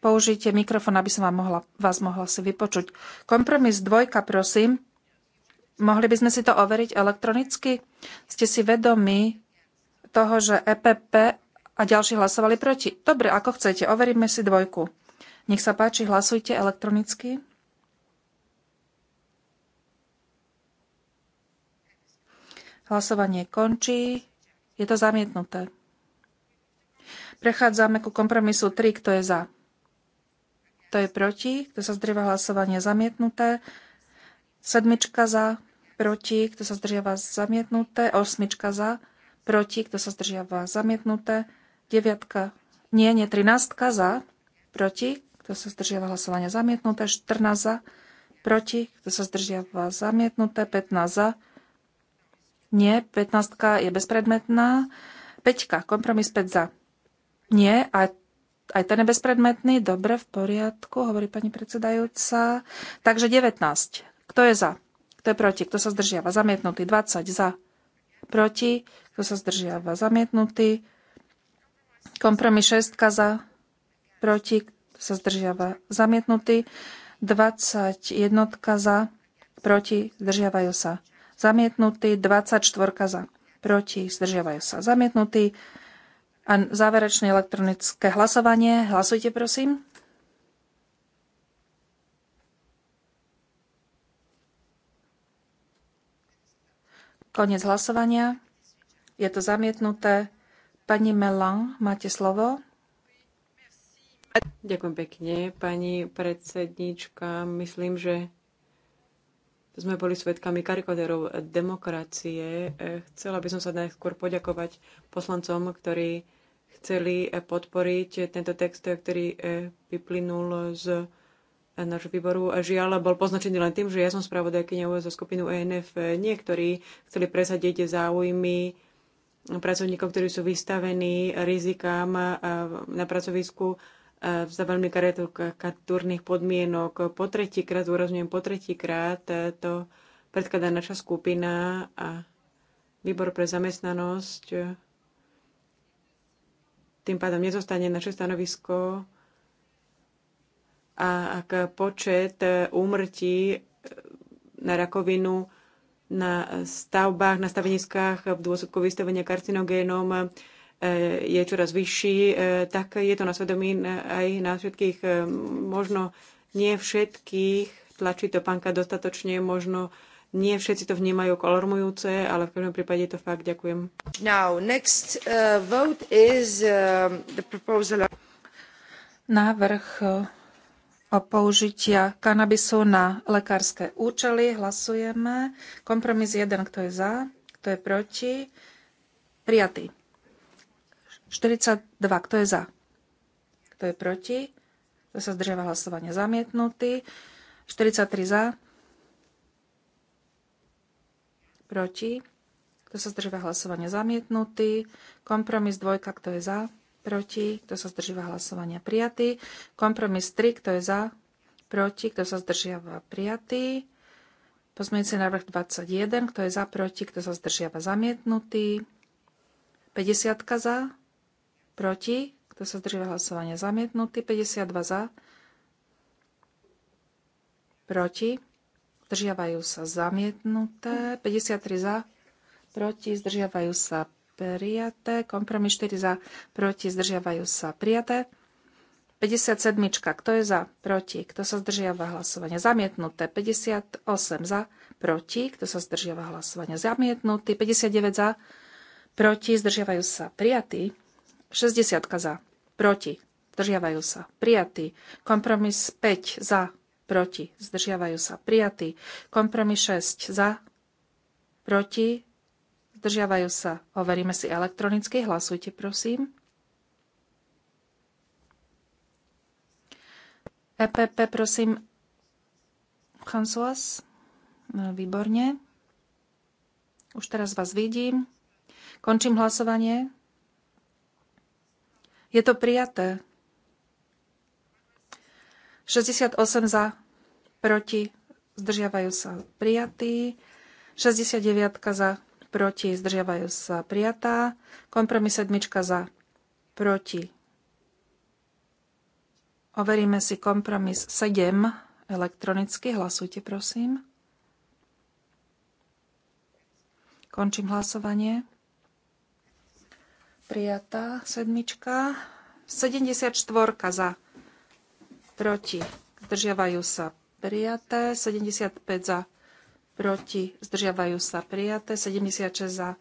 Speaker 3: Použite mikrofón, aby som vám mohla, vás mohla si vypočuť. Kompromis dvojka, prosím. Mohli by sme si to overiť elektronicky? Ste si vedomi toho, že EPP a ďalší hlasovali proti? Dobre, ako chcete, overíme si dvojku. Nech sa páči, hlasujte elektronicky. Hlasovanie končí. Je to zamietnuté. Prechádzame ku kompromisu 3. Kto je za? Kto je proti? Kto sa zdrieva hlasovanie zamietnuté? Sedmička za, proti, kto sa zdržiava zamietnuté. Osmička za, proti, kto sa zdržiava zamietnuté. Deviatka, nie, nie, trináctka za, proti, kto sa zdržiava hlasovania zamietnuté. Štrnáct za, proti, kto sa zdržiava zamietnuté. Petnáct za, nie, 15 je bezpredmetná. 5, kompromis 5 za. Nie, a aj ten je bezpredmetný. Dobre, v poriadku, hovorí pani predsedajúca. Takže 19. Kto je za? Kto je proti? Kto sa zdržiava? Zamietnutý. 20 za. Proti. Kto sa zdržiava? Zamietnutý. Kompromis 6 za. Proti. Kto sa zdržiava? Zamietnutý. 21 za. Proti. Zdržiavajú sa zamietnutý, 24 za, proti, zdržiavajú sa, zamietnutý. A záverečné elektronické hlasovanie. Hlasujte, prosím. Konec hlasovania. Je to zamietnuté. Pani Melan, máte slovo.
Speaker 1: Ďakujem pekne, pani predsednička. Myslím, že sme boli svedkami karikodérov demokracie. E, chcela by som sa najskôr poďakovať poslancom, ktorí chceli e, podporiť tento text, ktorý e, vyplynul z nášho výboru. Žiaľ, bol poznačený len tým, že ja som spravodajkyňou zo skupinu ENF. Niektorí chceli presadiť záujmy pracovníkov, ktorí sú vystavení rizikám na pracovisku Eh, za veľmi karikatúrnych podmienok. Po tretíkrát, zúrazňujem, po tretíkrát eh, to predkladá naša skupina a výbor pre zamestnanosť. Eh, tým pádom nezostane naše stanovisko a ak počet úmrtí na rakovinu na stavbách, na staveniskách v dôsledku vystavenia karcinogénom Eh, je čoraz vyšší, eh, tak je to na svedomí aj na všetkých, eh, možno nie všetkých tlačí to panka dostatočne, možno nie všetci to vnímajú kolormujúce, ale v každom prípade je to fakt. Ďakujem.
Speaker 3: Now, next, uh, vote is, uh, the proposal... Návrh o použitia kanabisu na lekárske účely. Hlasujeme. Kompromis 1, kto je za, kto je proti. Prijatý. 42. Kto je za? Kto je proti? Kto sa zdržiava hlasovania? Zamietnutý. 43 za. Proti. Kto sa zdržiava hlasovania? Zamietnutý. Kompromis 2. Kto je za? Proti. Kto sa zdržiava hlasovania? Prijatý. Kompromis 3. Kto je za? Proti. Kto sa zdržiava? Prijatý. Pozmeňujúci návrh 21. Kto je za? Proti. Kto sa zdržiava? Zamietnutý. 50 za proti, kto sa zdržal hlasovania zamietnutý, 52 za, proti, zdržiavajú sa zamietnuté, 53 za, proti, zdržiavajú sa prijaté, kompromis 4 za, proti, zdržiavajú sa prijaté, 57. Kto je za? Proti. Kto sa zdržiava hlasovania? Zamietnuté. 58 za. Proti. Kto sa zdržiava hlasovania? Zamietnutý. 59 za. Proti. Zdržiavajú sa prijatí. 60 za, proti, zdržiavajú sa, prijatý. Kompromis 5 za, proti, zdržiavajú sa, prijatý. Kompromis 6 za, proti, zdržiavajú sa. Overíme si elektronicky, hlasujte prosím. EPP, prosím, Hansuas, no, výborne. Už teraz vás vidím. Končím hlasovanie. Je to prijaté. 68 za, proti, zdržiavajú sa prijatí. 69 za, proti, zdržiavajú sa prijatá. Kompromis 7 za, proti. Overíme si kompromis 7 elektronicky. Hlasujte, prosím. Končím hlasovanie. Prijatá sedmička. 74 za. Proti. Zdržiavajú sa prijaté. 75 za. Proti. Zdržiavajú sa prijaté. 76 za.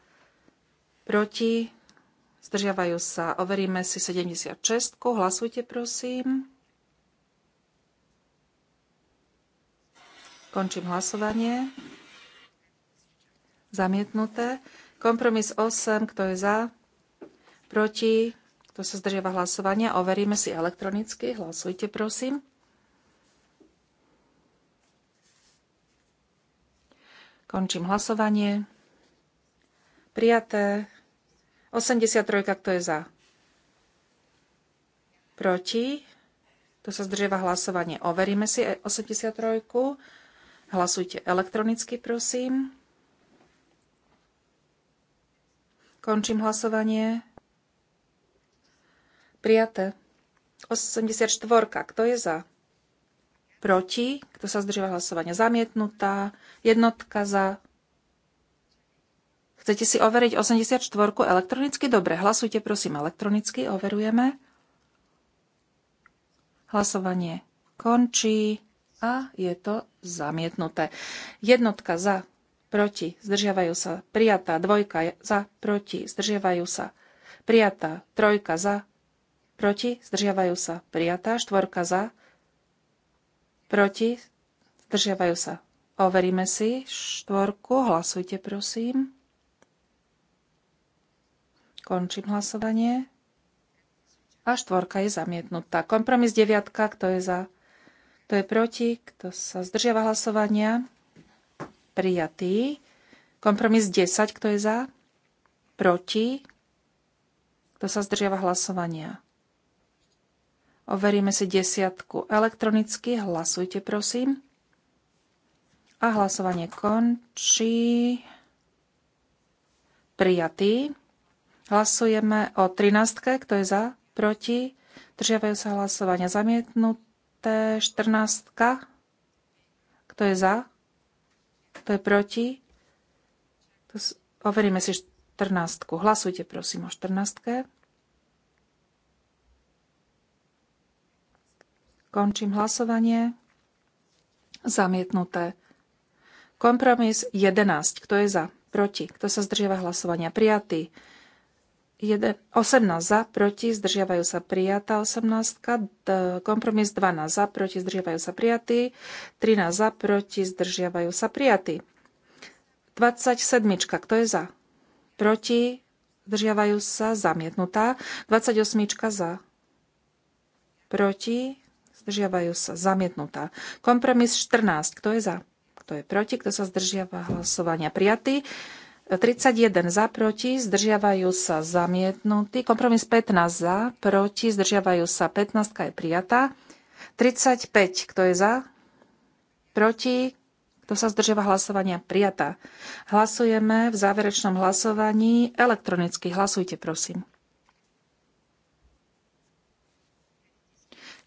Speaker 3: Proti. Zdržiavajú sa. Overíme si 76. Hlasujte, prosím. Končím hlasovanie. Zamietnuté. Kompromis 8. Kto je za? proti, kto sa zdržiava hlasovania. Overíme si elektronicky. Hlasujte, prosím. Končím hlasovanie. Prijaté. 83, kto je za? Proti. Kto sa zdržiava hlasovanie. Overíme si 83. Hlasujte elektronicky, prosím. Končím hlasovanie. Prijaté. 84. Kto je za? Proti. Kto sa zdržíva hlasovania? Zamietnutá. Jednotka za. Chcete si overiť 84 elektronicky? Dobre, hlasujte prosím elektronicky. Overujeme. Hlasovanie končí a je to zamietnuté. Jednotka za, proti, zdržiavajú sa, prijatá, dvojka za, proti, zdržiavajú sa, prijatá, trojka za, proti, zdržiavajú sa prijatá, štvorka za, proti, zdržiavajú sa. Overíme si štvorku, hlasujte prosím. Končím hlasovanie. A štvorka je zamietnutá. Kompromis deviatka, kto je za, kto je proti, kto sa zdržiava hlasovania, prijatý. Kompromis 10, kto je za, proti, kto sa zdržiava hlasovania, Overíme si desiatku elektronicky. Hlasujte, prosím. A hlasovanie končí. Prijatý. Hlasujeme o 13. Kto je za? Proti? Držiavajú sa hlasovania zamietnuté. 14. Kto je za? Kto je proti? To overíme si 14. Hlasujte prosím o 14. Končím hlasovanie. Zamietnuté. Kompromis 11. Kto je za? Proti. Kto sa zdržiava hlasovania? Prijatý. 18 za, proti, zdržiavajú sa prijatá 18, kompromis 12 za, proti, zdržiavajú sa prijatí, 13 za, proti, zdržiavajú sa prijatí. 27. Kto je za? Proti, zdržiavajú sa, zamietnutá. 28. za, proti, zdržiavajú sa, zamietnutá. Kompromis 14, kto je za? Kto je proti? Kto sa zdržiava hlasovania? Prijatý. 31 za, proti, zdržiavajú sa zamietnutí. Kompromis 15 za, proti, zdržiavajú sa 15 je prijatá. 35, kto je za? Proti, kto sa zdržiava hlasovania? Prijatá. Hlasujeme v záverečnom hlasovaní elektronicky. Hlasujte, prosím.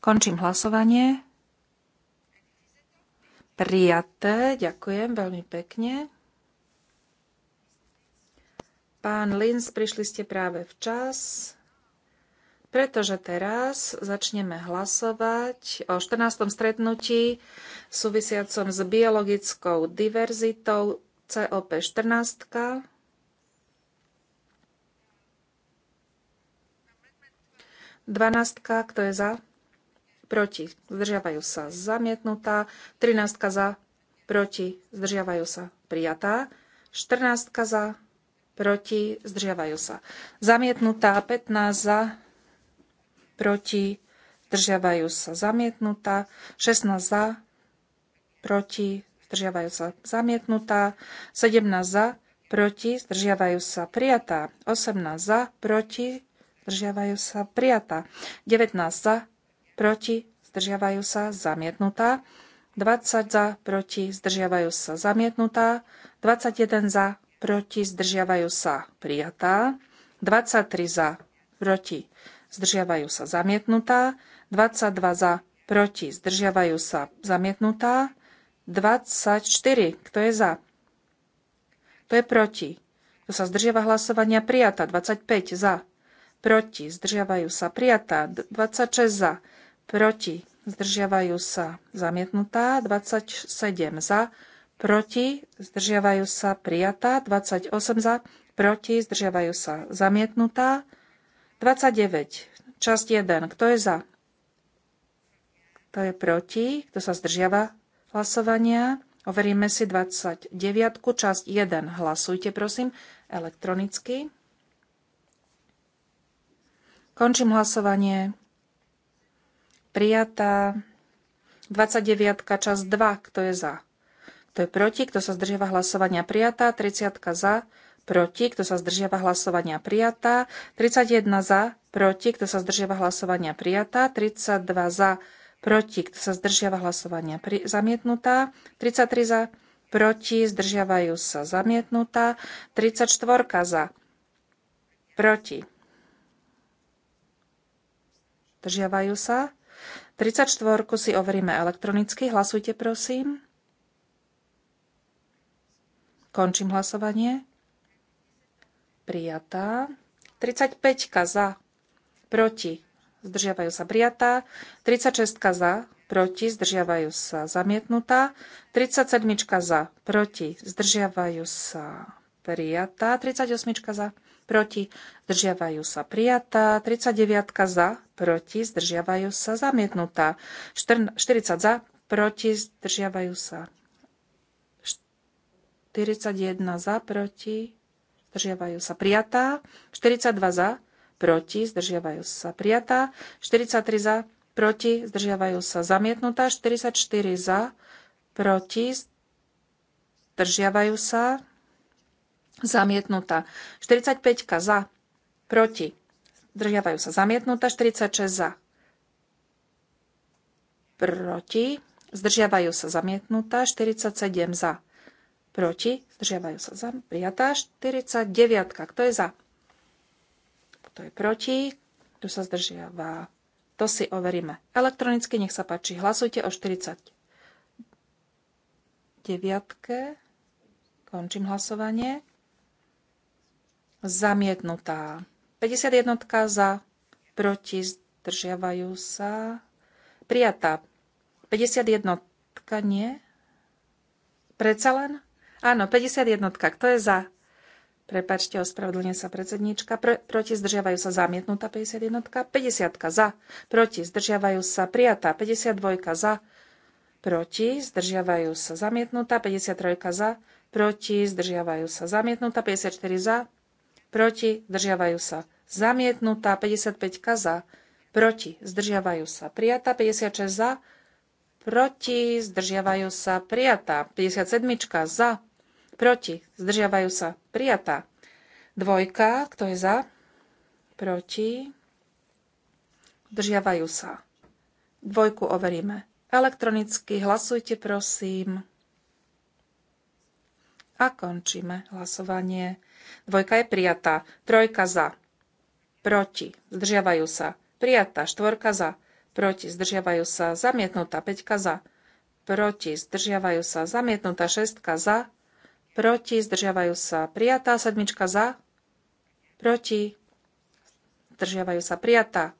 Speaker 3: Končím hlasovanie. Prijaté. Ďakujem veľmi pekne. Pán Linz, prišli ste práve včas, pretože teraz začneme hlasovať o 14. stretnutí súvisiacom s biologickou diverzitou COP14. Dvanáctka, kto je za? proti, zdržiavajú sa zamietnutá, 13 za, proti, zdržiavajú sa prijatá, 14 za, proti, zdržiavajú sa zamietnutá, 15 za, proti, zdržiavajú sa zamietnutá, 16 za, proti, zdržiavajú sa zamietnutá, 17 za, proti, zdržiavajú sa prijatá, 18 za, proti, zdržiavajú sa prijatá, 19 za, proti, zdržiavajú sa, zamietnutá. 20 za, proti, zdržiavajú sa, zamietnutá. 21 za, proti, zdržiavajú sa, prijatá. 23 za, proti, zdržiavajú sa, zamietnutá. 22 za, proti, zdržiavajú sa, zamietnutá. 24, kto je za? Kto je proti? Kto sa zdržiava hlasovania, prijatá. 25 za, proti, zdržiavajú sa, prijatá. 26 za, proti, zdržiavajú sa zamietnutá, 27 za, proti, zdržiavajú sa prijatá, 28 za, proti, zdržiavajú sa zamietnutá, 29, časť 1, kto je za? Kto je proti? Kto sa zdržiava hlasovania? Overíme si 29, časť 1. Hlasujte, prosím, elektronicky. Končím hlasovanie prijatá. 29. čas 2, kto je za? Kto je proti? Kto sa zdržiava hlasovania prijatá? 30. za, proti, kto sa zdržiava hlasovania prijatá, 31 za, proti, kto sa zdržiava hlasovania prijatá, 32 za, proti, kto sa zdržiava hlasovania pri, zamietnutá, 33 za, proti, zdržiavajú sa zamietnutá, 34 za, proti, zdržiavajú sa, 34 si overíme elektronicky. Hlasujte, prosím. Končím hlasovanie. Prijatá. 35 za, proti, zdržiavajú sa prijatá. 36 za, proti, zdržiavajú sa zamietnutá, 37 za, proti, zdržiavajú sa prijatá, 38 za, proti, zdržiavajú sa prijatá, 39 za, proti, zdržiavajú sa zamietnutá, 40 za, proti, zdržiavajú sa 41 za, proti, zdržiavajú sa prijatá, 42 za, proti, zdržiavajú sa prijatá, 43 za, proti, zdržiavajú sa zamietnutá, 44 za, proti, zdržiavajú sa zamietnutá. 45 za, proti, zdržiavajú sa zamietnutá. 46 za, proti, zdržiavajú sa zamietnutá. 47 za, proti, zdržiavajú sa za, prijatá. 49, kto je za? Kto je proti? Tu sa zdržiava? To si overíme. Elektronicky nech sa páči. Hlasujte o 40. 9. Končím hlasovanie zamietnutá. 51 za, proti, zdržiavajú sa, prijatá. 51 nie? Predsa len? Áno, 51. Kto je za? Prepačte, ospravedlňuje sa predsedníčka. Pr- proti zdržiavajú sa zamietnutá 51. 50. Za. Proti zdržiavajú sa prijatá 52. Za. Proti zdržiavajú sa zamietnutá 53. Za. Proti zdržiavajú sa zamietnutá 54. Za proti, zdržiavajú sa. Zamietnutá 55 za, proti, zdržiavajú sa. Prijatá 56 za, proti, zdržiavajú sa. Prijatá 57 za, proti, zdržiavajú sa. Prijatá. Dvojka, kto je za? Proti. Zdržiavajú sa. Dvojku overíme. Elektronicky hlasujte, prosím. A končíme hlasovanie. Dvojka je prijatá. Trojka za. Proti. Zdržiavajú sa. Prijatá. Štvorka za. Proti. Zdržiavajú sa. Zamietnutá. Peťka za. Proti. Zdržiavajú sa. Zamietnutá. Šestka za. Proti. Zdržiavajú sa. Prijatá. Sedmička za. Proti. Zdržiavajú sa. Prijatá.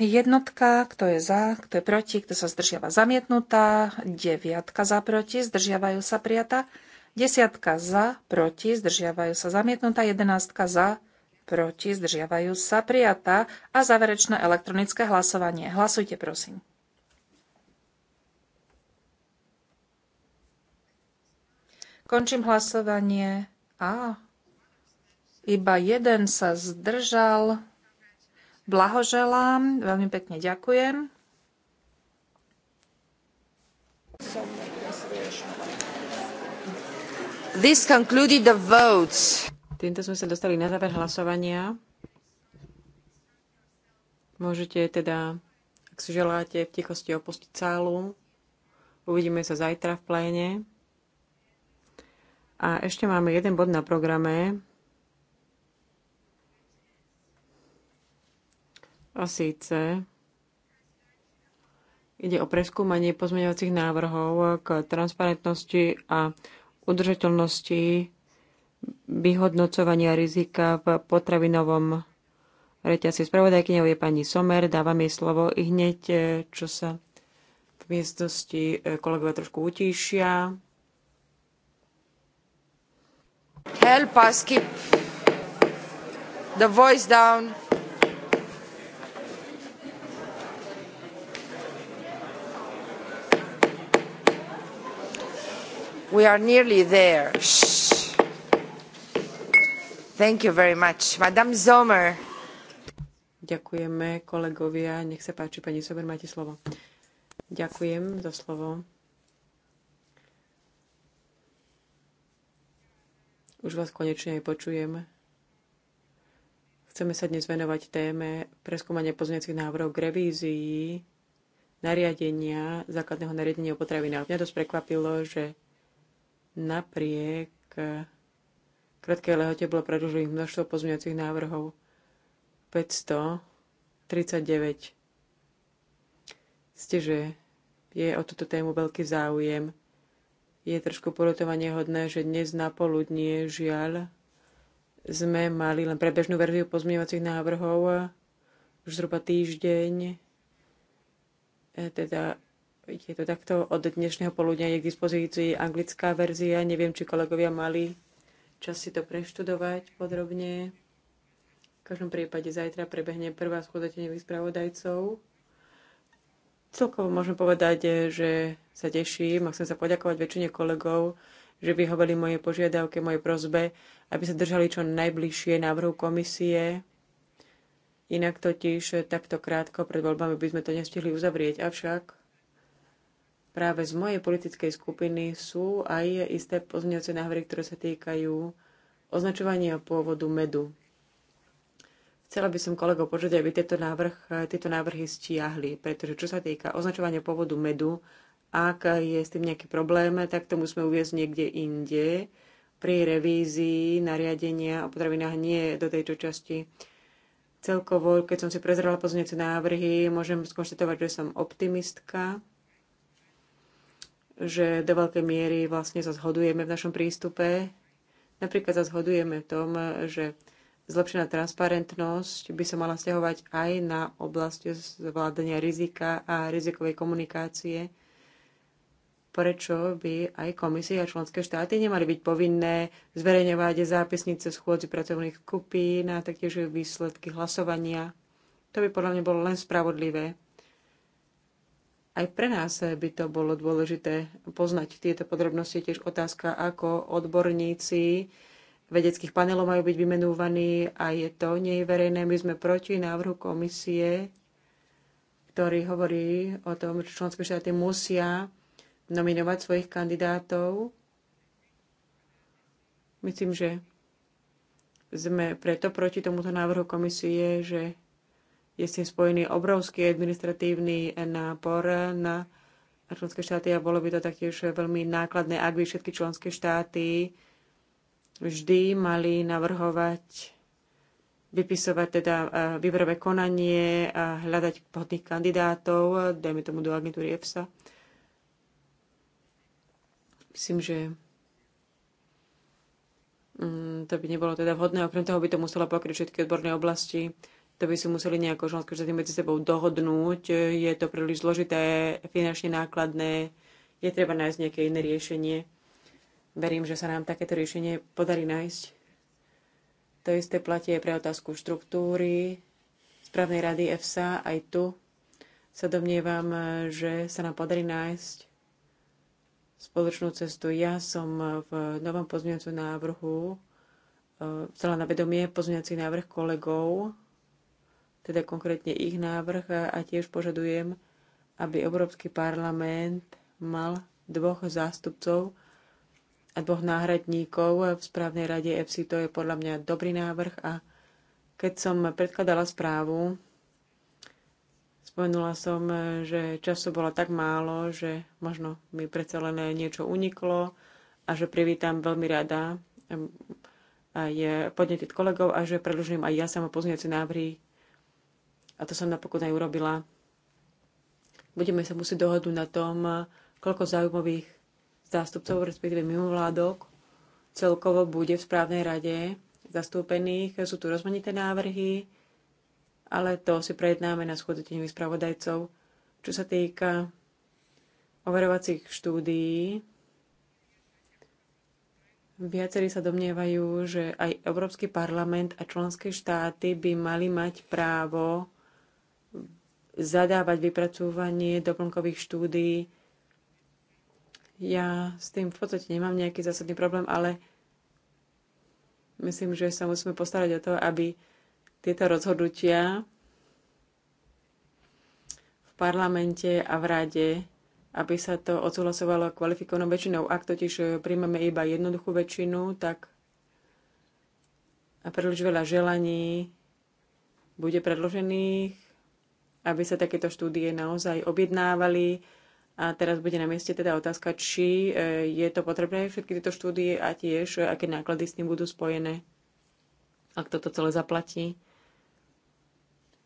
Speaker 3: Jednotka, kto je za, kto je proti, kto sa zdržiava zamietnutá. Deviatka za, proti, zdržiavajú sa prijatá. Desiatka za, proti, zdržiavajú sa zamietnutá. Jedenáctka za, proti, zdržiavajú sa prijatá. A záverečné elektronické hlasovanie. Hlasujte, prosím. Končím hlasovanie. A iba jeden sa zdržal. Blahoželám, veľmi pekne ďakujem.
Speaker 1: This concluded the votes. Týmto sme sa dostali na záver hlasovania. Môžete teda, ak si želáte, v tichosti opustiť sálu. Uvidíme sa zajtra v pléne. A ešte máme jeden bod na programe. A síce ide o preskúmanie pozmeňovacích návrhov k transparentnosti a udržateľnosti vyhodnocovania rizika v potravinovom reťazci. Spravodajkyňou je pani Somer, dávam jej slovo i hneď, e, čo sa v miestnosti e, kolegovia trošku utíšia.
Speaker 3: Help us keep the voice down.
Speaker 1: We are nearly there. Shh. Thank you very much. Madame Zomer. Ďakujeme kolegovia. Nech sa páči, pani Sober, máte slovo. Ďakujem za slovo. Už vás konečne aj počujem. Chceme sa dnes venovať téme preskúmania pozmeňujúcich návrhov k revízii nariadenia, základného nariadenia o potravinách. Mňa dosť prekvapilo, že Napriek krátkej lehote bolo predložených množstvo pozmeňujúcich návrhov 539. Ste, že je o túto tému veľký záujem. Je trošku porotovanie hodné, že dnes na poludnie žiaľ sme mali len prebežnú verziu pozmeňovacích návrhov už zhruba týždeň. E, teda je to takto. Od dnešného poludnia je k dispozícii anglická verzia. Neviem, či kolegovia mali čas si to preštudovať podrobne. V každom prípade zajtra prebehne prvá schôdza tenevých spravodajcov. Celkovo môžem povedať, že sa teším a chcem sa poďakovať väčšine kolegov, že vyhoveli moje požiadavke, moje prozbe, aby sa držali čo najbližšie návrhu komisie, Inak totiž takto krátko pred voľbami by sme to nestihli uzavrieť. Avšak práve z mojej politickej skupiny sú aj isté pozmeňujúce návrhy, ktoré sa týkajú označovania pôvodu medu. Chcela by som kolegov požiadať, aby tieto, návrh, tieto návrhy stiahli, pretože čo sa týka označovania pôvodu medu, ak je s tým nejaký problém, tak to musíme uviezť niekde inde pri revízii nariadenia o potravinách, nie do tejto časti. Celkovo, keď som si prezrela pozmeňujúce návrhy, môžem skonštatovať, že som optimistka že do veľkej miery vlastne sa zhodujeme v našom prístupe. Napríklad sa zhodujeme v tom, že zlepšená transparentnosť by sa mala stiahovať aj na oblasti zvládania rizika a rizikovej komunikácie. Prečo by aj komisie a členské štáty nemali byť povinné zverejňovať zápisnice schôdzi pracovných skupín a taktiež výsledky hlasovania? To by podľa mňa bolo len spravodlivé. Aj pre nás by to bolo dôležité poznať tieto podrobnosti. Tiež otázka, ako odborníci vedeckých panelov majú byť vymenúvaní a je to nie je verejné. My sme proti návrhu komisie, ktorý hovorí o tom, že členské štáty musia nominovať svojich kandidátov. Myslím, že sme preto proti tomuto návrhu komisie, že je s tým spojený obrovský administratívny nápor na členské štáty a bolo by to taktiež veľmi nákladné, ak by všetky členské štáty vždy mali navrhovať, vypisovať teda e, výberové konanie a hľadať vhodných kandidátov, dajme tomu do agentúry EFSA. Myslím, že mm, to by nebolo teda vhodné. Okrem toho by to muselo pokryť všetky odborné oblasti. To by si museli nejako členské štáty medzi sebou dohodnúť. Je to príliš zložité, finančne nákladné. Je treba nájsť nejaké iné riešenie. Verím, že sa nám takéto riešenie podarí nájsť. To isté platí aj pre otázku štruktúry správnej rady EFSA. Aj tu sa domnievam, že sa nám podarí nájsť spoločnú cestu. Ja som v novom pozmeňujúcom návrhu e, vzala na vedomie pozmeňovací návrh kolegov teda konkrétne ich návrh a tiež požadujem, aby Európsky parlament mal dvoch zástupcov a dvoch náhradníkov v správnej rade EFSI. To je podľa mňa dobrý návrh a keď som predkladala správu, spomenula som, že času bolo tak málo, že možno mi predsa len niečo uniklo a že privítam veľmi rada aj eh, podnety kolegov a že predložím aj ja samo pozniaci návrhy a to som napokon aj urobila. Budeme sa musieť dohodnúť na tom, koľko zaujímavých zástupcov, respektíve mimovládok celkovo bude v správnej rade zastúpených. Sú tu rozmanité návrhy, ale to si prejednáme na schodoteňových spravodajcov. Čo sa týka overovacích štúdií, Viacerí sa domnievajú, že aj Európsky parlament a členské štáty by mali mať právo zadávať vypracúvanie doplnkových štúdií. Ja s tým v podstate nemám nejaký zásadný problém, ale myslím, že sa musíme postarať o to, aby tieto rozhodnutia v parlamente a v rade, aby sa to odsúhlasovalo kvalifikovanou väčšinou. Ak totiž eh, príjmeme iba jednoduchú väčšinu, tak a príliš veľa želaní bude predložených aby sa takéto štúdie naozaj objednávali. A teraz bude na mieste teda otázka, či e, je to potrebné všetky tieto štúdie a tiež, e, aké náklady s tým budú spojené, ak toto celé zaplatí.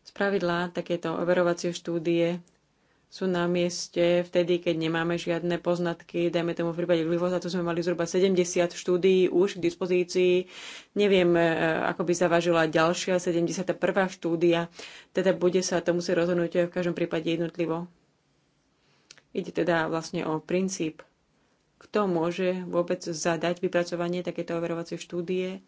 Speaker 1: Spravidla takéto overovacie štúdie sú na mieste vtedy, keď nemáme žiadne poznatky. Dajme tomu v prípade glyfosátu sme mali zhruba 70 štúdií už k dispozícii. Neviem, e, ako by zavažila ďalšia 71. štúdia. Teda bude sa to musí rozhodnúť v každom prípade jednotlivo. Ide teda vlastne o princíp. Kto môže vôbec zadať vypracovanie takéto overovacie štúdie?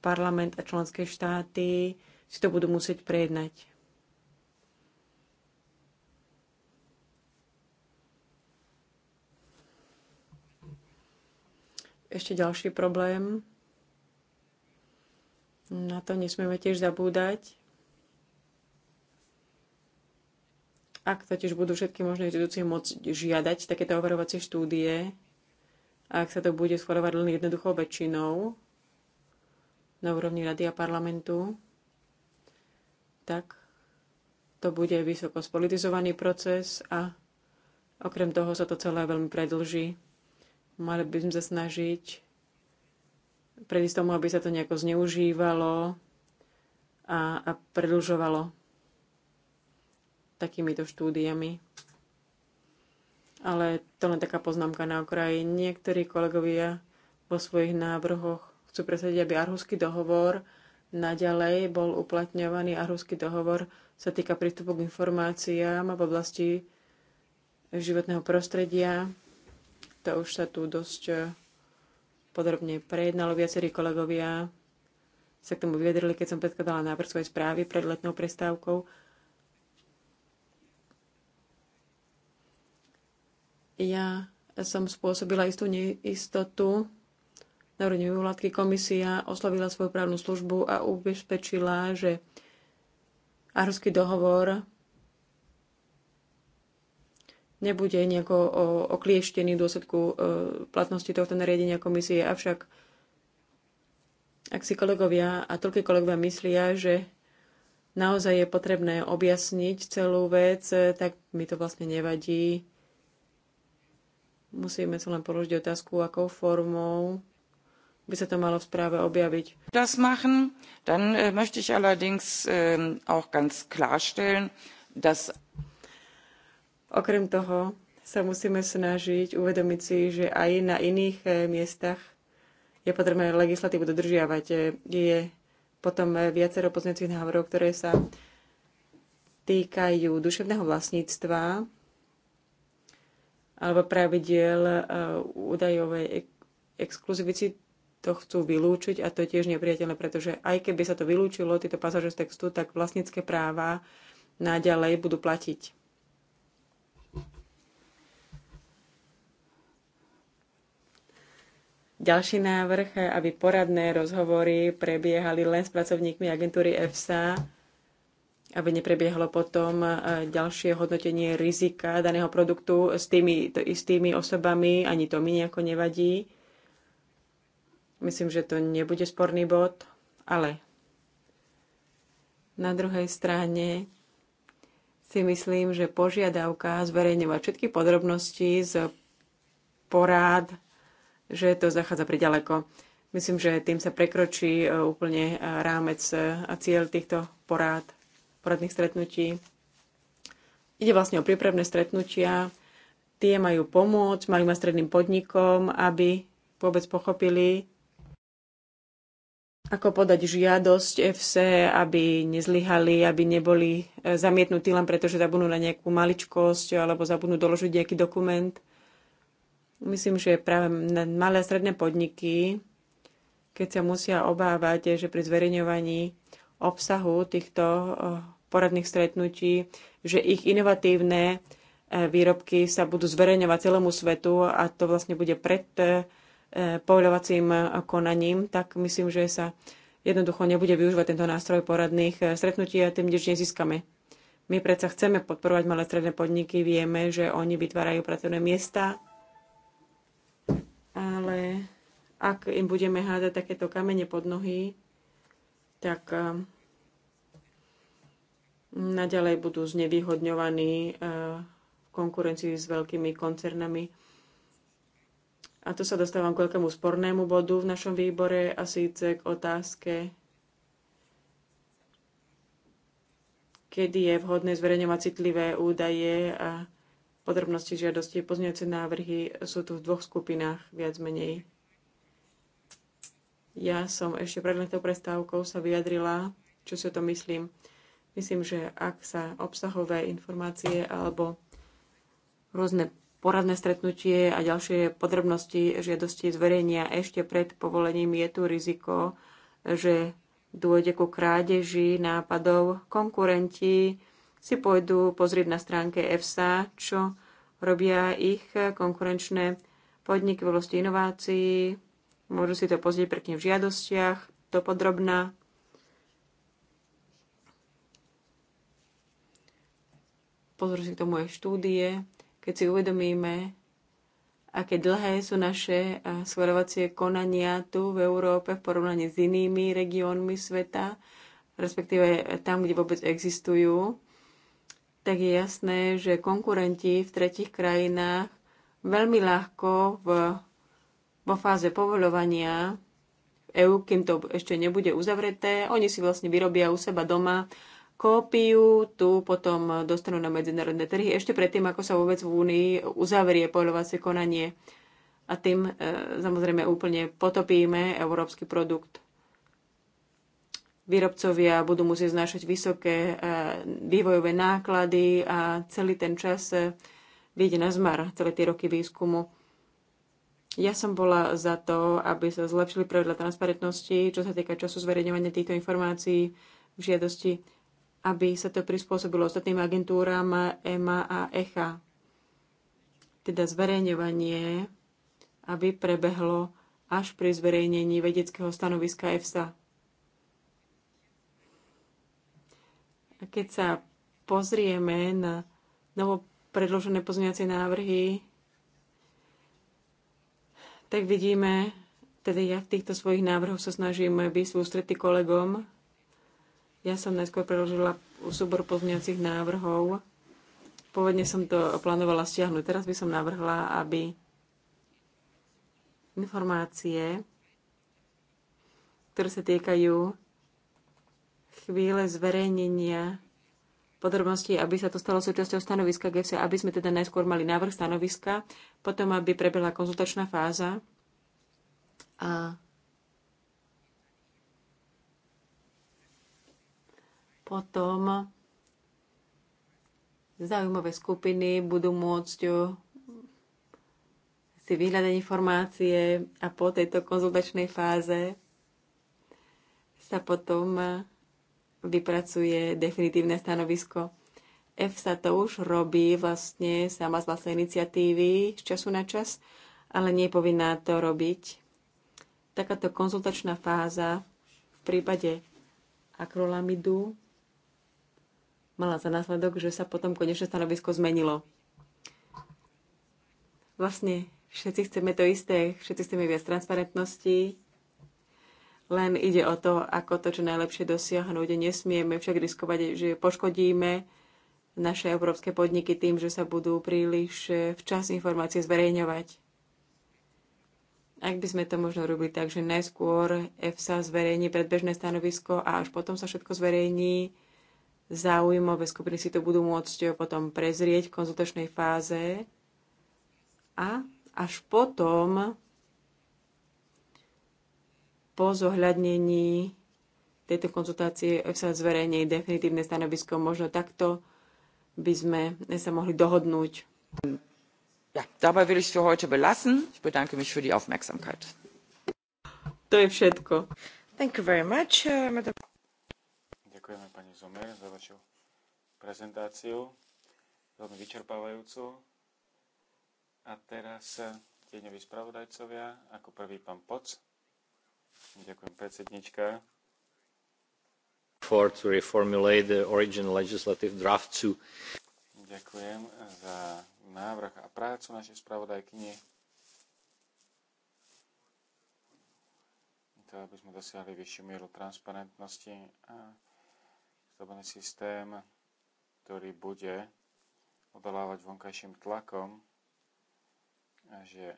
Speaker 1: Parlament a členské štáty si to budú musieť prejednať Ešte ďalší problém. Na to nesmieme tiež zabúdať. Ak totiž budú všetky možné institúcie môcť žiadať takéto overovacie štúdie, ak sa to bude schvalovať len jednoduchou väčšinou na úrovni rady a parlamentu, tak to bude vysoko spolitizovaný proces a okrem toho sa to celé veľmi predlží. Mali by sme sa snažiť predísť tomu, aby sa to nejako zneužívalo a, a predlžovalo takýmito štúdiami. Ale to len taká poznámka na okraji. Niektorí kolegovia vo svojich návrhoch chcú presadiť, aby Arhusky dohovor naďalej bol uplatňovaný. Arhusky dohovor sa týka prístupu k informáciám v oblasti životného prostredia, to už sa tu dosť e, podrobne prejednalo. Viacerí kolegovia sa k tomu vyjadrili, keď som predkladala návrh svojej správy pred letnou prestávkou. Ja som spôsobila istú neistotu na úrovni vládky komisia oslovila svoju právnu službu a ubezpečila, že Arhuský dohovor nebude nejako oklieštený v dôsledku e, platnosti tohto nariadenia komisie. Avšak ak si kolegovia a toľké kolegovia myslia, že naozaj je potrebné objasniť celú vec, e, tak mi to vlastne nevadí. Musíme sa len položiť otázku, akou formou by sa to malo v správe objaviť. Das machen, dann äh, möchte ich allerdings ähm, auch ganz klarstellen, dass Okrem toho sa musíme snažiť uvedomiť si, že aj na iných eh, miestach je potrebné legislatívu dodržiavať. Eh, je potom viacero pozmeňujúcich návrhov, ktoré sa týkajú duševného vlastníctva alebo pravidiel eh, údajovej exkluzivity. To chcú vylúčiť a to je tiež nepriateľné, pretože aj keby sa to vylúčilo, tieto pasáže z textu, tak vlastnícke práva naďalej budú platiť. Ďalší návrh, aby poradné rozhovory prebiehali len s pracovníkmi agentúry EFSA, aby neprebiehalo potom e, ďalšie hodnotenie rizika daného produktu s tými istými osobami, ani to mi nejako nevadí. Myslím, že to nebude sporný bod, ale na druhej strane si myslím, že požiadavka zverejňovať všetky podrobnosti z porád že to zachádza priďaleko. Myslím, že tým sa prekročí e, úplne e, rámec e, a cieľ týchto porád, poradných stretnutí. Ide vlastne o prípravné stretnutia. Tie majú pomôcť malým a stredným podnikom, aby vôbec pochopili, ako podať žiadosť FC, aby nezlyhali, aby neboli zamietnutí len preto, že zabudnú na nejakú maličkosť alebo zabudnú doložiť nejaký dokument. Myslím, že práve malé a stredné podniky, keď sa musia obávať, že pri zverejňovaní obsahu týchto eh, poradných stretnutí, že ich inovatívne eh, výrobky sa budú zverejňovať celému svetu a to vlastne bude pred eh, povľovacím konaním, tak myslím, že sa jednoducho nebude využívať tento nástroj poradných stretnutí a tým nič nezískame. My predsa chceme podporovať malé stredné podniky, vieme, že oni vytvárajú pracovné miesta ale ak im budeme hádať takéto kamene pod nohy, tak eh, naďalej budú znevýhodňovaní eh, v konkurencii s veľkými koncernami. A to sa dostávam k veľkému spornému bodu v našom výbore a síce k otázke, kedy je vhodné zverejňovať citlivé údaje a podrobnosti žiadosti. Pozňujúce návrhy sú tu v dvoch skupinách, viac menej. Ja som ešte pred letou prestávkou sa vyjadrila, čo si o tom myslím. Myslím, že ak sa obsahové informácie alebo rôzne poradné stretnutie a ďalšie podrobnosti žiadosti zverejnia ešte pred povolením, je tu riziko, že dôjde ku krádeži nápadov konkurenti, si pôjdu pozrieť na stránke EFSA, čo robia ich konkurenčné podniky v oblasti inovácií. Môžu si to pozrieť pekne v žiadostiach, to podrobná. Pozor si k tomu aj štúdie, keď si uvedomíme, aké dlhé sú naše schvaľovacie konania tu v Európe v porovnaní s inými regiónmi sveta, respektíve tam, kde vôbec existujú tak je jasné, že konkurenti v tretich krajinách veľmi ľahko v, vo fáze povoľovania v EU, kým to ešte nebude uzavreté, oni si vlastne vyrobia u seba doma kópiu, tu potom dostanú na medzinárodné trhy ešte predtým, ako sa vôbec v Únii uzavrie poľovacie konanie. A tým e, samozrejme úplne potopíme európsky produkt výrobcovia budú musieť znášať vysoké e, vývojové náklady a celý ten čas e, vyjde na zmar, celé tie roky výskumu. Ja som bola za to, aby sa zlepšili pravidla transparentnosti, čo sa týka času zverejňovania týchto informácií v žiadosti, aby sa to prispôsobilo ostatným agentúram EMA a ECHA. E teda zverejňovanie, aby prebehlo až pri zverejnení vedeckého stanoviska EFSA A keď sa pozrieme na novo predložené pozmeňovacie návrhy, tak vidíme, teda ja v týchto svojich návrhoch sa snažím byť v ústretí kolegom. Ja som najskôr preložila súbor pozmeňovacích návrhov. Pôvodne som to plánovala stiahnuť. Teraz by som navrhla, aby informácie, ktoré sa týkajú chvíle zverejnenia podrobností, aby sa to stalo súčasťou stanoviska GFC, aby sme teda najskôr mali návrh stanoviska, potom aby prebehla konzultačná fáza a potom zaujímavé skupiny budú môcť si vyhľadať informácie a po tejto konzultačnej fáze sa potom vypracuje definitívne stanovisko. F sa to už robí vlastne sama z vlastnej iniciatívy z času na čas, ale nie je povinná to robiť. Takáto konzultačná fáza v prípade akrolamidu mala za následok, že sa potom konečné stanovisko zmenilo. Vlastne všetci chceme to isté, všetci chceme viac transparentnosti, len ide o to, ako to čo najlepšie dosiahnuť. Nesmieme však riskovať, že poškodíme naše európske podniky tým, že sa budú príliš včas informácie zverejňovať. Ak by sme to možno robili tak, že najskôr EFSA zverejní predbežné stanovisko a až potom sa všetko zverejní, záujmové skupiny si to budú môcť potom prezrieť v konzultačnej fáze a až potom po zohľadnení tejto konzultácie sa zverejní definitívne stanovisko. Možno takto by sme sa mohli dohodnúť. Ja, dabei will ich für heute belassen. Ich bedanke mich für die Aufmerksamkeit. To je všetko. Thank you very much, uh, madam.
Speaker 2: Ďakujeme pani Zomer za vašu prezentáciu, veľmi vyčerpávajúcu. A teraz uh, tieňoví spravodajcovia, ako prvý pán Poc. Ďakujem, predsednička. For to reformulate the original legislative draft to... Ďakujem za návrh a prácu našej spravodajkyne. To, aby sme dosiahli vyššiu mieru transparentnosti a stabilný systém, ktorý bude odolávať vonkajším tlakom, a že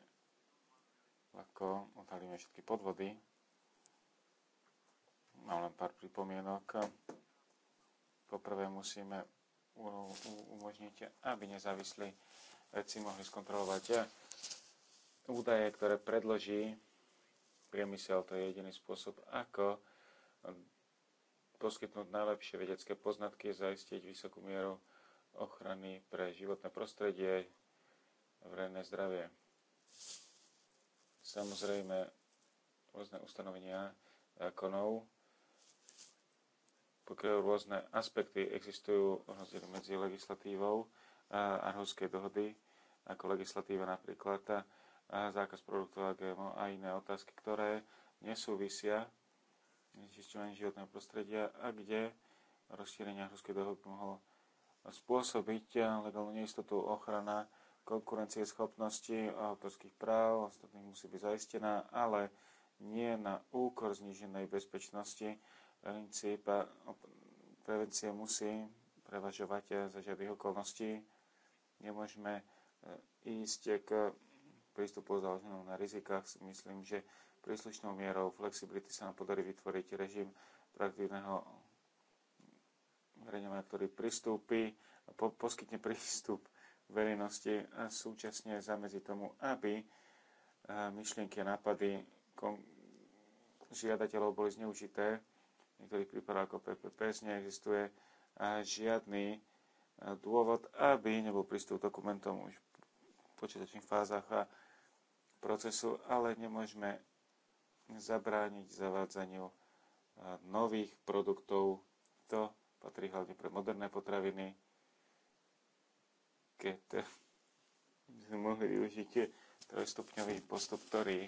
Speaker 2: ľahko odhalíme všetky podvody, Mám len pár pripomienok. Poprvé musíme umožniť, aby nezávislí vedci mohli skontrolovať údaje, ktoré predloží priemysel. To je jediný spôsob, ako poskytnúť najlepšie vedecké poznatky, zaistiť vysokú mieru ochrany pre životné prostredie, verejné zdravie. Samozrejme, rôzne ustanovenia zákonov pokiaľ rôzne aspekty existujú rozdiel medzi legislatívou a eh, arhuskej dohody, ako legislatíva napríklad a zákaz produktov a GMO a iné otázky, ktoré nesúvisia znečisťovaním životného prostredia a kde rozšírenie ruskej dohody mohlo spôsobiť eh, legálnu neistotu ochrana konkurencie schopnosti autorských práv, ostatných musí byť zaistená, ale nie na úkor zniženej bezpečnosti princíp prevencie musí prevažovať eh, za žiadnych okolností. Nemôžeme eh, ísť k prístupu založenom na rizikách. Myslím, že príslušnou mierou flexibility sa nám podarí vytvoriť režim praktívneho verejňovania, ktorý pristúpi, po, poskytne prístup verejnosti a súčasne zamedzi tomu, aby eh, myšlienky a nápady žiadateľov boli zneužité niektorých prípadoch ako PPPS neexistuje žiadny dôvod, aby nebol prístup dokumentom už v počítačných fázach a procesu, ale nemôžeme zabrániť zavádzaniu nových produktov. To patrí hlavne pre moderné potraviny, keď sme mohli využiť trojstupňový postup, ktorý,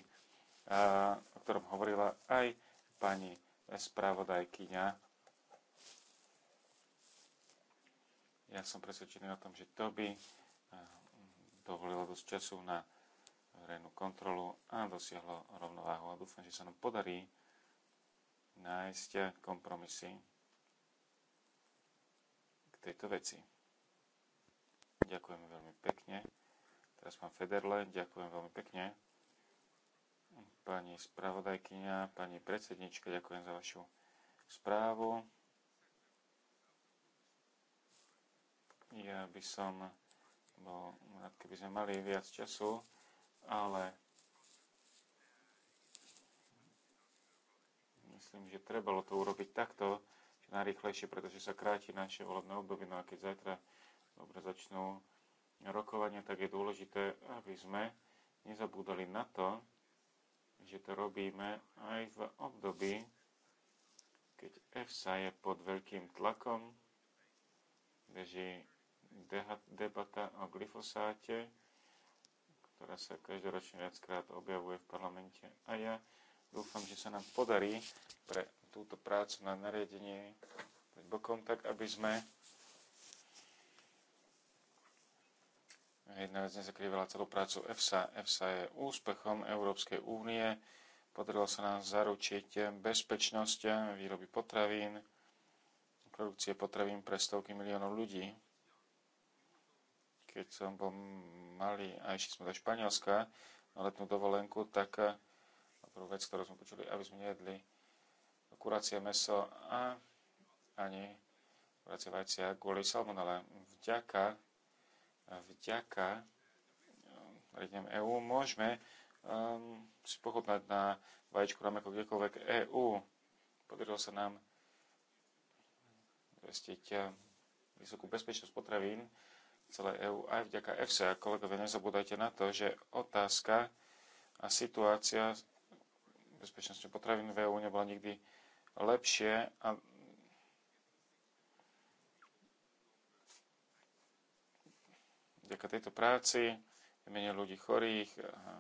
Speaker 2: a, o ktorom hovorila aj pani spravodajkyňa. Ja som presvedčený o tom, že to by eh, dovolilo dosť času na verejnú kontrolu a dosiahlo rovnováhu. A dúfam, že sa nám podarí nájsť kompromisy k tejto veci. Ďakujem veľmi pekne. Teraz pán Federle, ďakujem veľmi pekne pani spravodajkynia, pani predsednička, ďakujem za vašu správu. Ja by som bol rád, keby sme mali viac času, ale myslím, že trebalo to urobiť takto, že najrychlejšie, pretože sa kráti naše volebné obdobie, no a keď zajtra dobre začnú rokovania, tak je dôležité, aby sme nezabúdali na to, že to robíme aj v období, keď EFSA je pod veľkým tlakom, beží debata o glyfosáte, ktorá sa každoročne viackrát objavuje v parlamente. A ja dúfam, že sa nám podarí pre túto prácu na nariadenie bokom, tak aby sme Jedna vec nezakrývala celú prácu EFSA. EFSA je úspechom Európskej únie. Podarilo sa nám zaručiť bezpečnosť výroby potravín, produkcie potravín pre stovky miliónov ľudí. Keď som bol malý a išli sme do Španielska na letnú dovolenku, tak prvú vec, ktorú sme počuli, aby sme nejedli kuracie meso a ani kuracie vajcia kvôli salmonele. Vďaka vďaka eh, regiam EÚ môžeme um, si pochopnať na vajíčku nám ako kdekoľvek EÚ. Podarilo sa nám zistiť eh, vysokú bezpečnosť potravín celé EÚ aj vďaka EFSA. Kolegovia, nezabúdajte na to, že otázka a situácia bezpečnosti potravín v EÚ nebola nikdy lepšie a vďaka tejto práci je menej ľudí chorých, a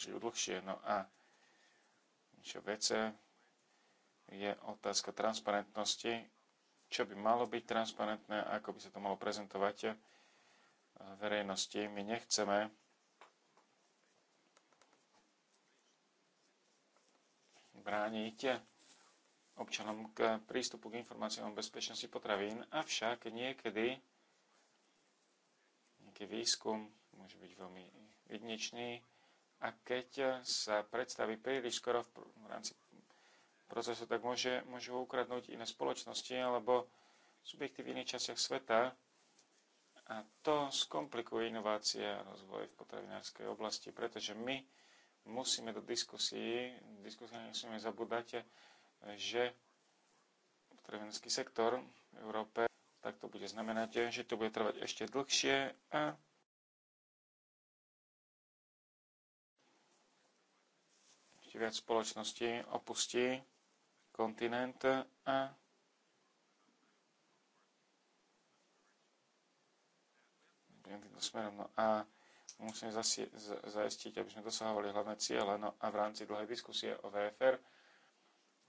Speaker 2: žijú dlhšie. No a čo vece je otázka transparentnosti, čo by malo byť transparentné, ako by sa to malo prezentovať verejnosti. My nechceme brániť občanom k prístupu k informáciám o bezpečnosti potravín, avšak niekedy nejaký výskum, môže byť veľmi jedničný. A keď sa predstaví príliš skoro v rámci procesu, tak môže, môžu ukradnúť iné spoločnosti alebo subjekty v iných častiach sveta. A to skomplikuje inovácie a rozvoj v potravinárskej oblasti, pretože my musíme do diskusí, diskusí nesmieme zabúdať, že potravinársky sektor v Európe tak to bude znamenať, eh, že to bude trvať ešte dlhšie a ešte viac spoločnosti opustí kontinent a smerom. No a musíme zaistiť, aby sme dosahovali hlavné cieľe No a v rámci dlhej diskusie o VFR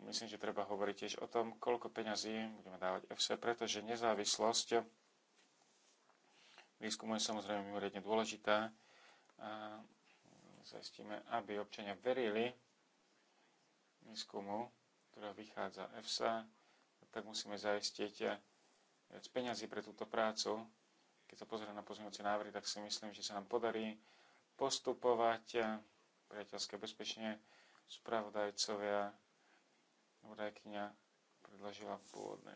Speaker 2: Myslím, že treba hovoriť tiež o tom, koľko peňazí budeme dávať FC, pretože nezávislosť výskumu je samozrejme mimoriadne dôležitá. A zistíme, aby občania verili výskumu, ktorá vychádza EFSA, tak musíme zaistiť viac peňazí pre túto prácu. Keď sa pozrieme na pozmeňujúce návrhy, tak si myslím, že sa nám podarí postupovať priateľské bezpečne spravodajcovia Spravodajkynia predložila pôvodné,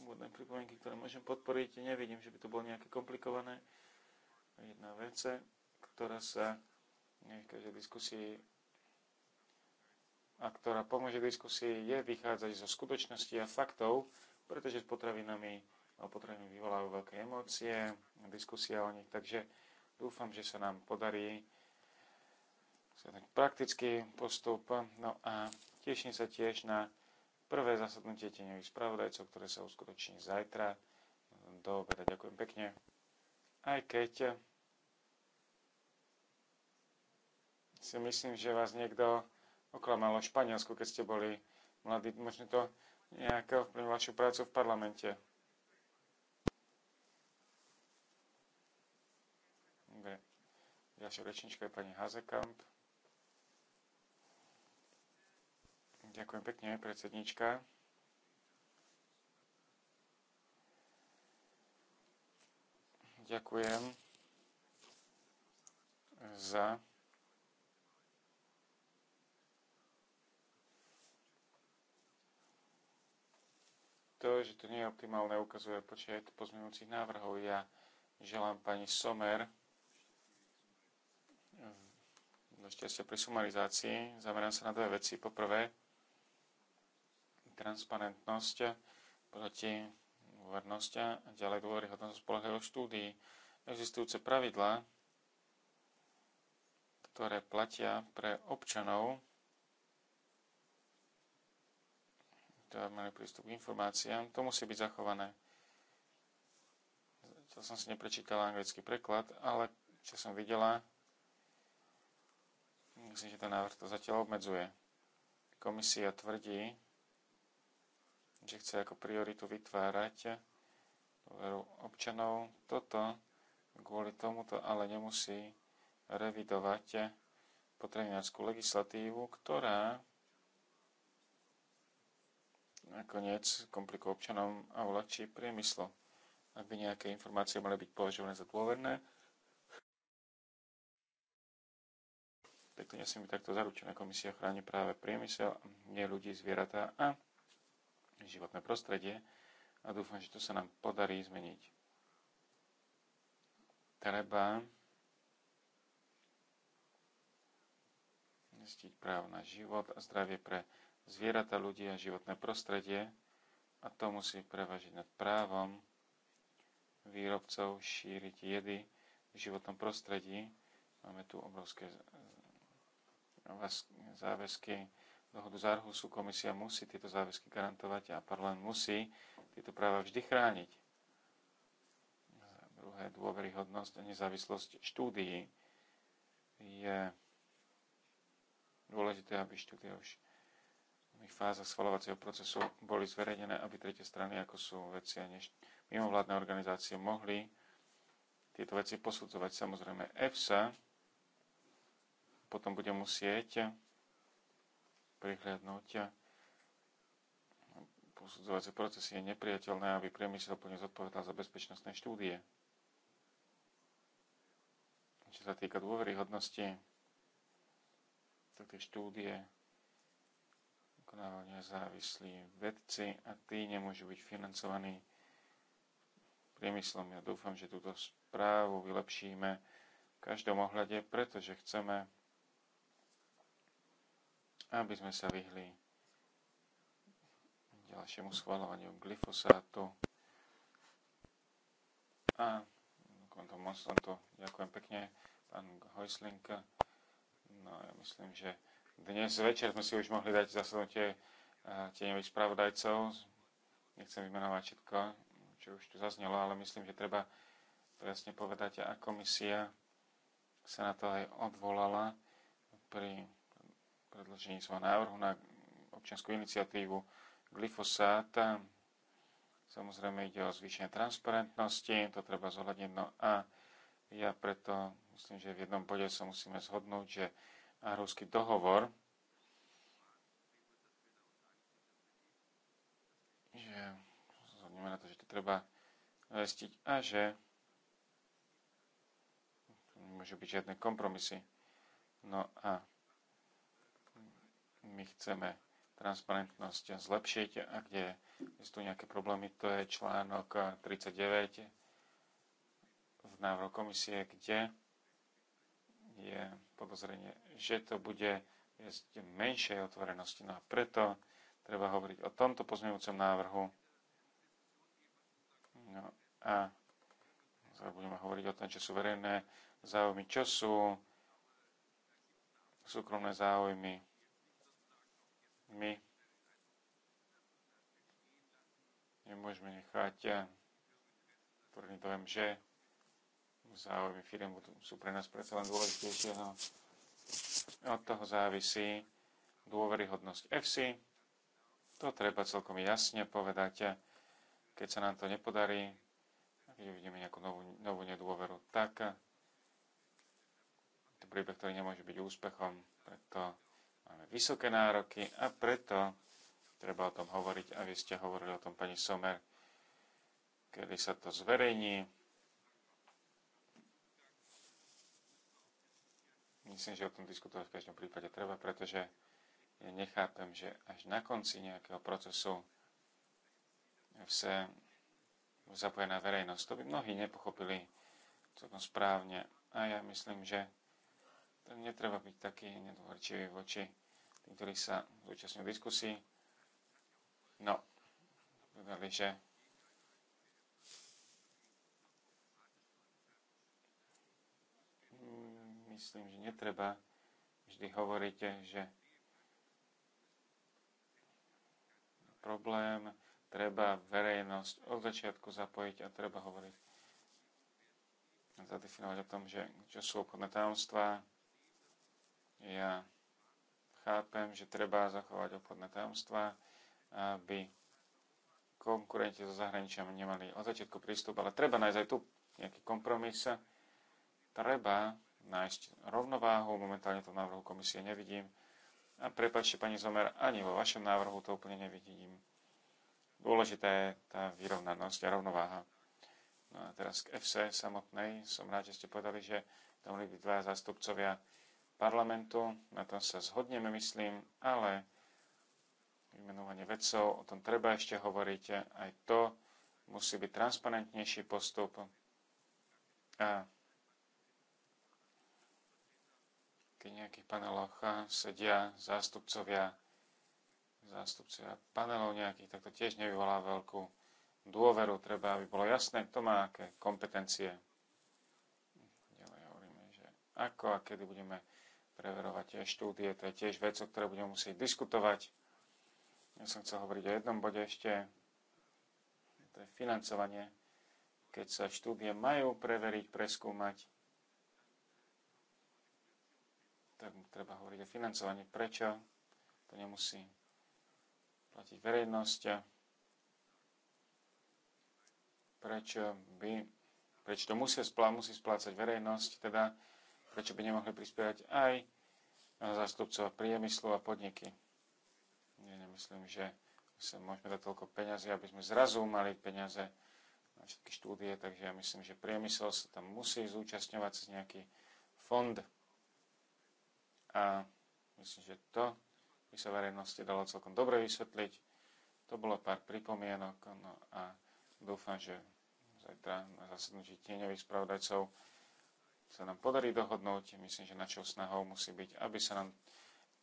Speaker 2: pôvodné pripomienky, ktoré môžem podporiť. Nevidím, že by to bolo nejaké komplikované. Jedna vec, ktorá sa v každej diskusii a ktorá pomôže diskusii, je vychádzať zo skutočnosti a faktov, pretože s potravinami a potravinami vyvolajú veľké emócie, diskusia o nich, takže dúfam, že sa nám podarí sa tak prakticky postup. No a Teším sa tiež na prvé zasadnutie tieňových spravodajcov, ktoré sa uskutoční zajtra do obeda. Ďakujem pekne. Aj keď si myslím, že vás niekto oklamalo v Španielsku, keď ste boli mladí. Možno to nejak vplyvne vašu prácu v parlamente. Dobre. Ďalšia rečnička je pani Hazekamp. Ďakujem pekne, predsednička. Ďakujem za to, že to nie je optimálne, ukazuje počet pozmenujúcich návrhov. Ja želám pani Somer našťastie pri sumarizácii. Zamerám sa na dve veci. Poprvé, transparentnosť, proti vernosti a ďalej dôveryhodnosť spolahého štúdii. Existujúce pravidlá, ktoré platia pre občanov, ktoré mali prístup k informáciám, to musí byť zachované. To som si neprečítala anglický preklad, ale čo som videla, myslím, že ten návrh to zatiaľ obmedzuje. Komisia tvrdí, že chce ako prioritu vytvárať dôveru občanov. Toto kvôli tomuto ale nemusí revidovať potravinárskú legislatívu, ktorá nakoniec komplikuje občanom a uľahčí priemyslo. Ak by nejaké informácie mali byť považované za dôverné, tak to nesmie byť takto zaručené. Komisia chráni práve priemysel, nie ľudí, zvieratá a životné prostredie a dúfam, že to sa nám podarí zmeniť. Treba zistiť právo na život a zdravie pre zvieratá, ľudí a životné prostredie a to musí prevažiť nad právom výrobcov šíriť jedy v životnom prostredí. Máme tu obrovské e, záväzky dohodu z Arhusu komisia musí tieto záväzky garantovať a parlament musí tieto práva vždy chrániť. Druhé, dôveryhodnosť a nezávislosť štúdií je dôležité, aby štúdie už v fázach schvalovacieho procesu boli zverejnené, aby tretie strany, ako sú veci a než mimovládne organizácie, mohli tieto veci posudzovať. Samozrejme EFSA potom bude musieť prihľadnúť. Posudzovacie procesy je nepriateľné, aby priemysel plne zodpovedal za bezpečnostné štúdie. Čo sa týka dôveryhodnosti, tak tie štúdie vykonávajú nezávislí vedci a tí nemôžu byť financovaní priemyslom. Ja dúfam, že túto správu vylepšíme v každom ohľade, pretože chceme aby sme sa vyhli ďalšiemu schvalovaniu glyfosátu. A to mocnom to ďakujem pekne, pán Hojslink. No ja myslím, že dnes večer sme si už mohli dať zasadnutie eh, tieňových spravodajcov. Nechcem vymenovať všetko, čo už tu zaznelo, ale myslím, že treba presne povedať, a komisia sa na to aj odvolala pri predložení svojho návrhu na občianskú iniciatívu glyfosát. Samozrejme ide o zvýšenie transparentnosti, to treba zohľadniť. No a ja preto myslím, že v jednom bode sa musíme zhodnúť, že Aarhuský dohovor, že zhodneme na to, že to treba vestiť a že nemôžu byť žiadne kompromisy. No a my chceme transparentnosť zlepšiť a kde sú nejaké problémy, to je článok 39 v návrhu komisie, kde je podozrenie, že to bude viesť menšej otvorenosti. No a preto treba hovoriť o tomto pozmeňujúcom návrhu. No a budeme hovoriť o tom, čo sú verejné záujmy, čo sú súkromné záujmy môžeme nechať eh, prvný dojem, že záujmy firiem sú pre nás predsa len dôležitejšie. No. Od toho závisí dôveryhodnosť FC. To treba celkom jasne povedať. Eh, keď sa nám to nepodarí, keď uvidíme nejakú novú, novú nedôveru, tak eh, to príbeh, ktorý nemôže byť úspechom, preto máme vysoké nároky a preto Treba o tom hovoriť a vy ste hovorili o tom pani Somer, kedy sa to zverejní. Myslím, že o tom diskutovať v každom prípade treba, pretože ja nechápem, že až na konci nejakého procesu sa zapojená verejnosť. To by mnohí nepochopili celkom správne. A ja myslím, že netreba byť taký nedôverčivý voči tým, ktorí sa zúčastňujú diskusii. No, povedali, že mm, myslím, že netreba vždy hovoríte, že problém treba verejnosť od začiatku zapojiť a treba hovoriť zadefinovať o tom, že čo sú obchodné tajomstvá. Ja chápem, že treba zachovať obchodné tajomstvá, aby konkurenti so zahraničia nemali od začiatku prístup, ale treba nájsť aj tu nejaký kompromis. Treba nájsť rovnováhu, momentálne to v návrhu komisie nevidím. A prepačte, pani Zomer, ani vo vašom návrhu to úplne nevidím. Dôležitá je tá vyrovnanosť a rovnováha. No a teraz k FC samotnej. Som rád, že ste povedali, že tam boli dva zástupcovia parlamentu. Na tom sa zhodneme, myslím, ale vymenovanie vedcov, o tom treba ešte hovoriť, aj to musí byť transparentnejší postup. A keď v nejakých paneloch sedia zástupcovia, zástupcovia panelov nejakých, tak to tiež nevyvolá veľkú dôveru. Treba, aby bolo jasné, kto má aké kompetencie. Ďalej hovoríme, že ako a kedy budeme preverovať štúdie, to je tiež vec, o ktorej budeme musieť diskutovať. Ja som chcel hovoriť o jednom bode ešte, to je financovanie, keď sa štúdie majú preveriť, preskúmať, tak treba hovoriť o financovaní. Prečo? To nemusí platiť verejnosť. Prečo by prečo to musí, splá, musí splácať verejnosť, teda prečo by nemohli prispievať aj zástupcov priemyslu a podniky myslím, že sa môžeme dať toľko peňazí, aby sme zrazu mali peniaze na všetky štúdie, takže ja myslím, že priemysel sa tam musí zúčastňovať cez nejaký fond a myslím, že to by sa verejnosti dalo celkom dobre vysvetliť. To bolo pár pripomienok no a dúfam, že zajtra na zasadnutí tieňových spravodajcov sa nám podarí dohodnúť. Myslím, že našou snahou musí byť, aby sa nám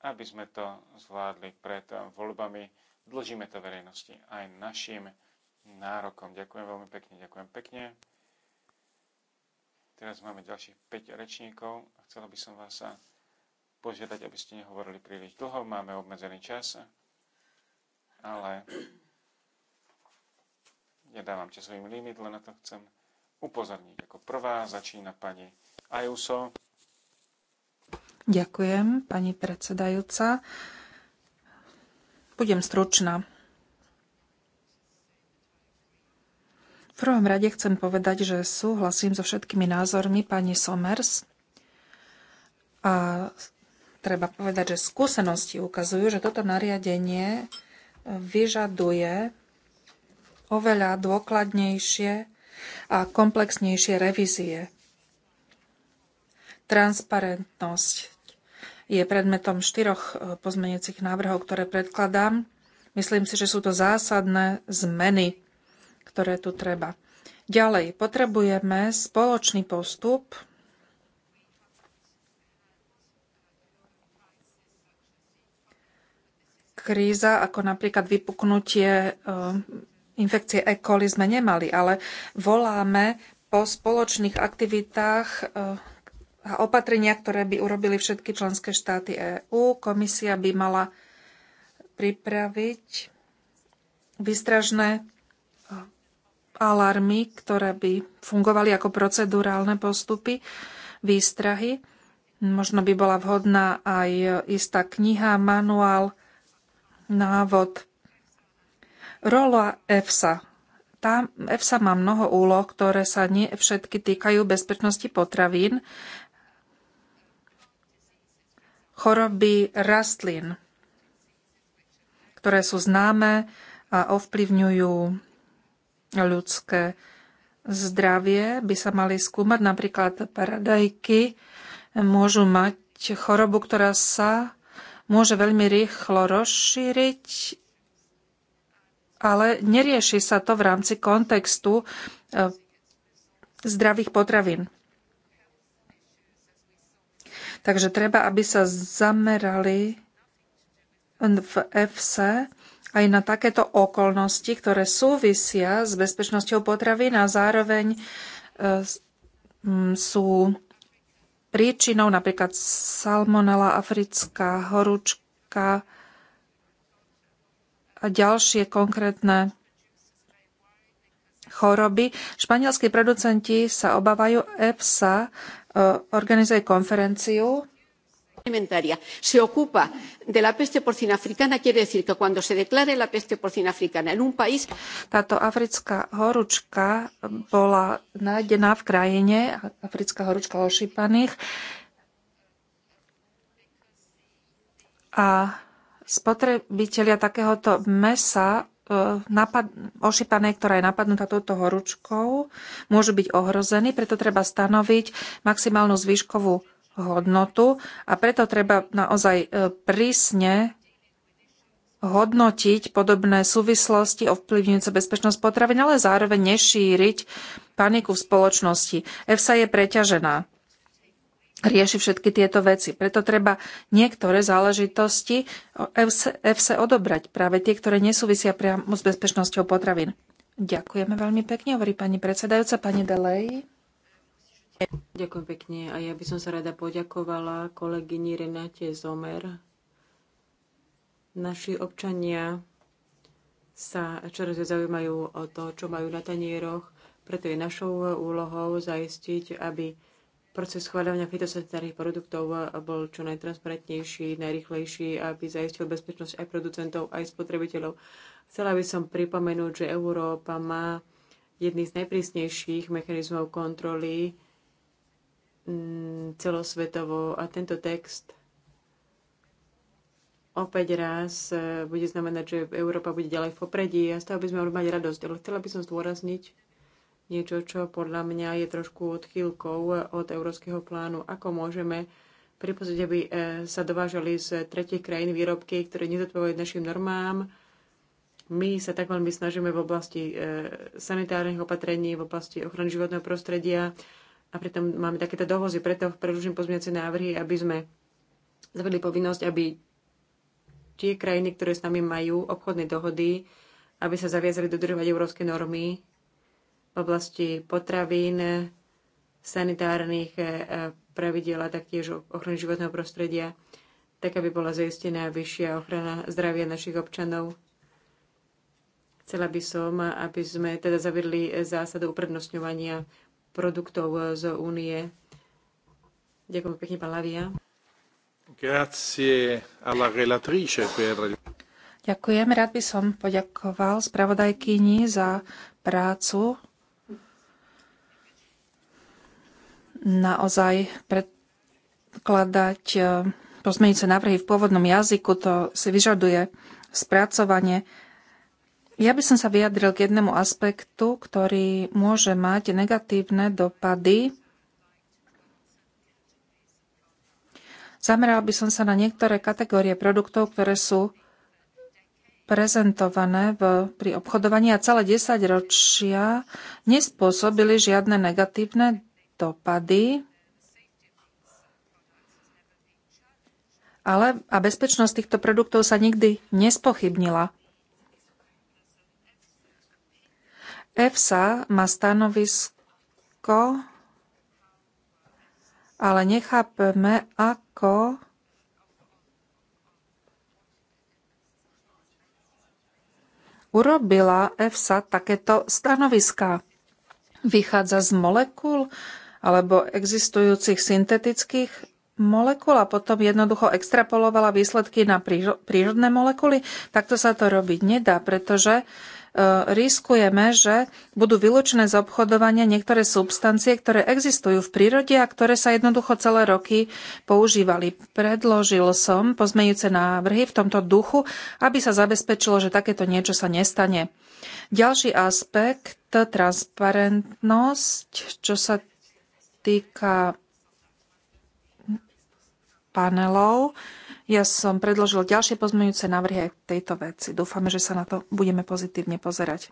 Speaker 2: aby sme to zvládli pred voľbami. Dlžíme to verejnosti aj našim nárokom. Ďakujem veľmi pekne, ďakujem pekne. Teraz máme ďalších 5 rečníkov a chcela by som vás požiadať, aby ste nehovorili príliš dlho. Máme obmedzený čas, ale nedávam časovým limit, len na to chcem upozorniť. Ako prvá začína pani Ajuso.
Speaker 3: Ďakujem, pani predsedajúca. Budem stručná. V prvom rade chcem povedať, že súhlasím so všetkými názormi pani Somers a treba povedať, že skúsenosti ukazujú, že toto nariadenie vyžaduje oveľa dôkladnejšie a komplexnejšie revízie Transparentnosť je predmetom štyroch e, pozmeniacich návrhov, ktoré predkladám. Myslím si, že sú to zásadné zmeny, ktoré tu treba. Ďalej, potrebujeme spoločný postup kríza, ako napríklad vypuknutie e, infekcie E. coli sme nemali, ale voláme po spoločných aktivitách e, a opatrenia, ktoré by urobili všetky členské štáty EÚ. Komisia by mala pripraviť výstražné alarmy, ktoré by fungovali ako procedurálne postupy výstrahy. Možno by bola vhodná aj istá kniha, manuál, návod. Rola EFSA. Tá EFSA má mnoho úloh, ktoré sa nie všetky týkajú bezpečnosti potravín choroby rastlín, ktoré sú známe a ovplyvňujú ľudské zdravie, by sa mali skúmať. Napríklad paradajky môžu mať chorobu, ktorá sa môže veľmi rýchlo rozšíriť, ale nerieši sa to v rámci kontextu eh, zdravých potravín. Takže treba, aby sa zamerali v EFSE aj na takéto okolnosti, ktoré súvisia s bezpečnosťou potravín a zároveň e, sú príčinou napríklad salmonela, africká horúčka a ďalšie konkrétne choroby. Španielskí producenti sa obávajú EFSA organizuje konferenciu alimentaria se ocupa de la peste porcina africana quiere decir que cuando se declare la peste porcina africana en un país Táto africká horúčka bola nájdená v krajine, africká horúčka ošípaných. A spotrebitelia takéhoto mesa E, napad- ošípané, ktorá je napadnutá touto horúčkou, môžu byť ohrození, preto treba stanoviť maximálnu zvyškovú hodnotu a preto treba naozaj e, prísne hodnotiť podobné súvislosti ovplyvňujúce bezpečnosť potravín, ale zároveň nešíriť paniku v spoločnosti. EFSA je preťažená rieši všetky tieto veci. Preto treba niektoré záležitosti EFSE odobrať, práve tie, ktoré nesúvisia priamo s bezpečnosťou potravín. Ďakujeme veľmi pekne, hovorí pani predsedajúca, pani Delej.
Speaker 1: Ďakujem pekne a ja by som sa rada poďakovala kolegyni Renate Zomer. Naši občania sa čoraz zaujímajú o to, čo majú na tanieroch, preto je našou úlohou zaistiť, aby proces schváľovania fitosanitárnych produktov eh, bol čo najtransparentnejší, najrychlejší, aby zaistil bezpečnosť aj producentov, aj spotrebiteľov. Chcela by som pripomenúť, že Európa má jedný z najprísnejších mechanizmov kontroly mm, celosvetovo a tento text opäť raz eh, bude znamenať, že Európa bude ďalej v popredí a z toho by sme mali mať radosť. Ale chcela by som zdôrazniť, niečo, čo podľa mňa je trošku odchýlkou od európskeho plánu. Ako môžeme pripozrieť, aby e, sa dovážali z tretich krajín výrobky, ktoré nezodpovedajú našim normám? My sa tak veľmi snažíme v oblasti e, sanitárnych opatrení, v oblasti ochrany životného prostredia a pritom máme takéto dohozy. Preto predložím pozmeňovacie návrhy, aby sme zavedli povinnosť, aby tie krajiny, ktoré s nami majú obchodné dohody, aby sa zaviazali dodržovať európske normy v oblasti potravín, sanitárnych e, pravidel a taktiež ochrany životného prostredia, tak aby bola zaistená vyššia ochrana zdravia našich občanov. Chcela by som, aby sme teda zavedli zásadu uprednostňovania produktov z únie. Ďakujem pekne, pán Lavia. Ďakujem,
Speaker 3: rád by som poďakoval spravodajkyni za prácu naozaj predkladať e, pozmenice návrhy v pôvodnom jazyku, to si vyžaduje spracovanie. Ja by som sa vyjadril k jednému aspektu, ktorý môže mať negatívne dopady. Zameral by som sa na niektoré kategórie produktov, ktoré sú prezentované v, pri obchodovaní a celé 10 ročia nespôsobili žiadne negatívne dopady. Ale a bezpečnosť týchto produktov sa nikdy nespochybnila. EFSA má stanovisko, ale nechápeme, ako urobila EFSA takéto stanoviská. Vychádza z molekúl, alebo existujúcich syntetických molekúl a potom jednoducho extrapolovala výsledky na prírodné molekuly. Takto sa to robiť nedá, pretože e, riskujeme, že budú vylúčené z obchodovania niektoré substancie, ktoré existujú v prírode a ktoré sa jednoducho celé roky používali. Predložil som pozmejúce návrhy v tomto duchu, aby sa zabezpečilo, že takéto niečo sa nestane. Ďalší aspekt, transparentnosť, čo sa týka panelov, ja som predložil ďalšie pozmeňujúce návrhy aj v tejto veci. Dúfame, že sa na to budeme pozitívne pozerať.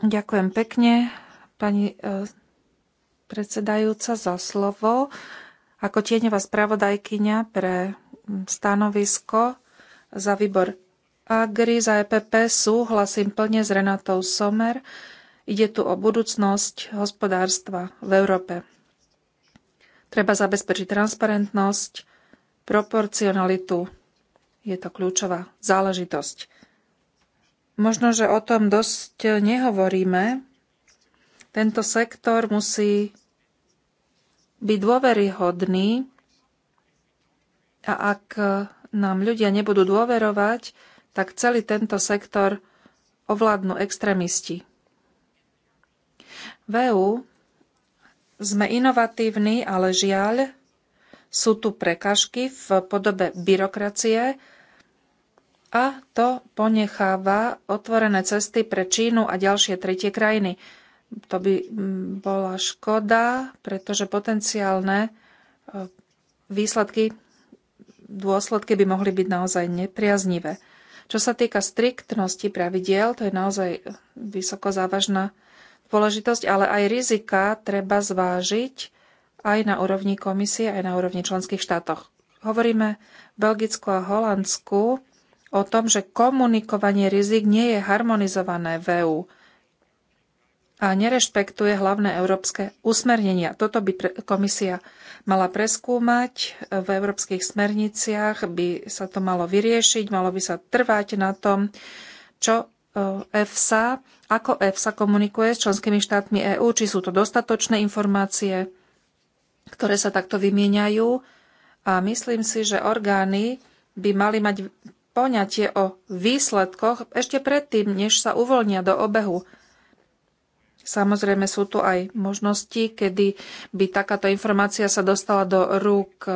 Speaker 3: Ďakujem pekne, pani e, predsedajúca, za slovo. Ako tieňová spravodajkyňa pre stanovisko za výbor Agri za EPP súhlasím plne s Renatou Somer Ide tu o budúcnosť hospodárstva v Európe. Treba zabezpečiť transparentnosť, proporcionalitu. Je to kľúčová záležitosť. Možno, že o tom dosť nehovoríme. Tento sektor musí byť dôveryhodný a ak nám ľudia nebudú dôverovať, tak celý tento sektor ovládnu extrémisti. V EU sme inovatívni, ale žiaľ, sú tu prekažky v podobe byrokracie a to ponecháva otvorené cesty pre Čínu a ďalšie tretie krajiny. To by mm, bola škoda, pretože potenciálne e, výsledky, dôsledky by mohli byť naozaj nepriaznivé. Čo sa týka striktnosti pravidiel, to je naozaj vysoko závažná dôležitosť, ale aj rizika treba zvážiť aj na úrovni komisie, aj na úrovni členských štátoch. Hovoríme v Belgicku a Holandsku o tom, že komunikovanie rizik nie je harmonizované v EU a nerešpektuje hlavné európske usmernenia. Toto by komisia mala preskúmať v európskych smerniciach, by sa to malo vyriešiť, malo by sa trvať na tom, čo Eh, EFSA, ako EFSA komunikuje s členskými štátmi EÚ, či sú to dostatočné informácie, ktoré sa takto vymieňajú. A myslím si, že orgány by mali mať poňatie o výsledkoch ešte predtým, než sa uvoľnia do obehu. Samozrejme sú tu aj možnosti, kedy by takáto informácia sa dostala do rúk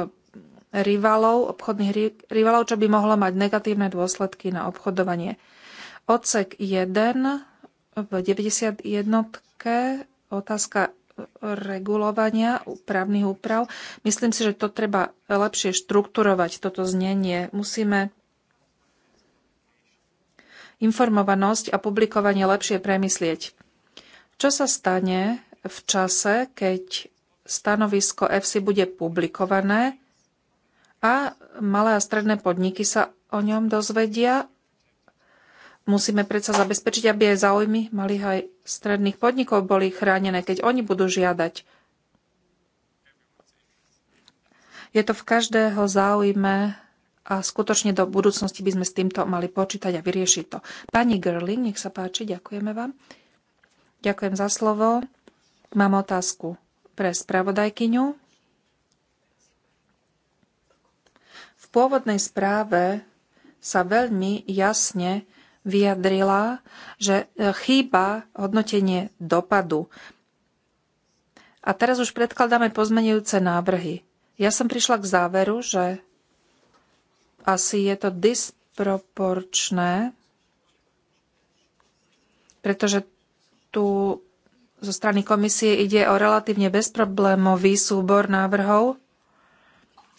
Speaker 3: rivalov, obchodných rivalov, čo by mohlo mať negatívne dôsledky na obchodovanie. Odsek 1 v 91. otázka regulovania právnych úprav. Myslím si, že to treba lepšie štrukturovať, toto znenie. Musíme informovanosť a publikovanie lepšie premyslieť. Čo sa stane v čase, keď stanovisko EFSI bude publikované a malé a stredné podniky sa o ňom dozvedia musíme predsa zabezpečiť, aby aj záujmy malých aj stredných podnikov boli chránené, keď oni budú žiadať. Je to v každého záujme a skutočne do budúcnosti by sme s týmto mali počítať a vyriešiť to. Pani Gerling, nech sa páči, ďakujeme vám. Ďakujem za slovo. Mám otázku pre spravodajkyňu. V pôvodnej správe sa veľmi jasne vyjadrila, že e, chýba hodnotenie dopadu. A teraz už predkladáme pozmenujúce návrhy. Ja som prišla k záveru, že asi je to disproporčné, pretože tu zo strany komisie ide o relatívne bezproblémový súbor návrhov,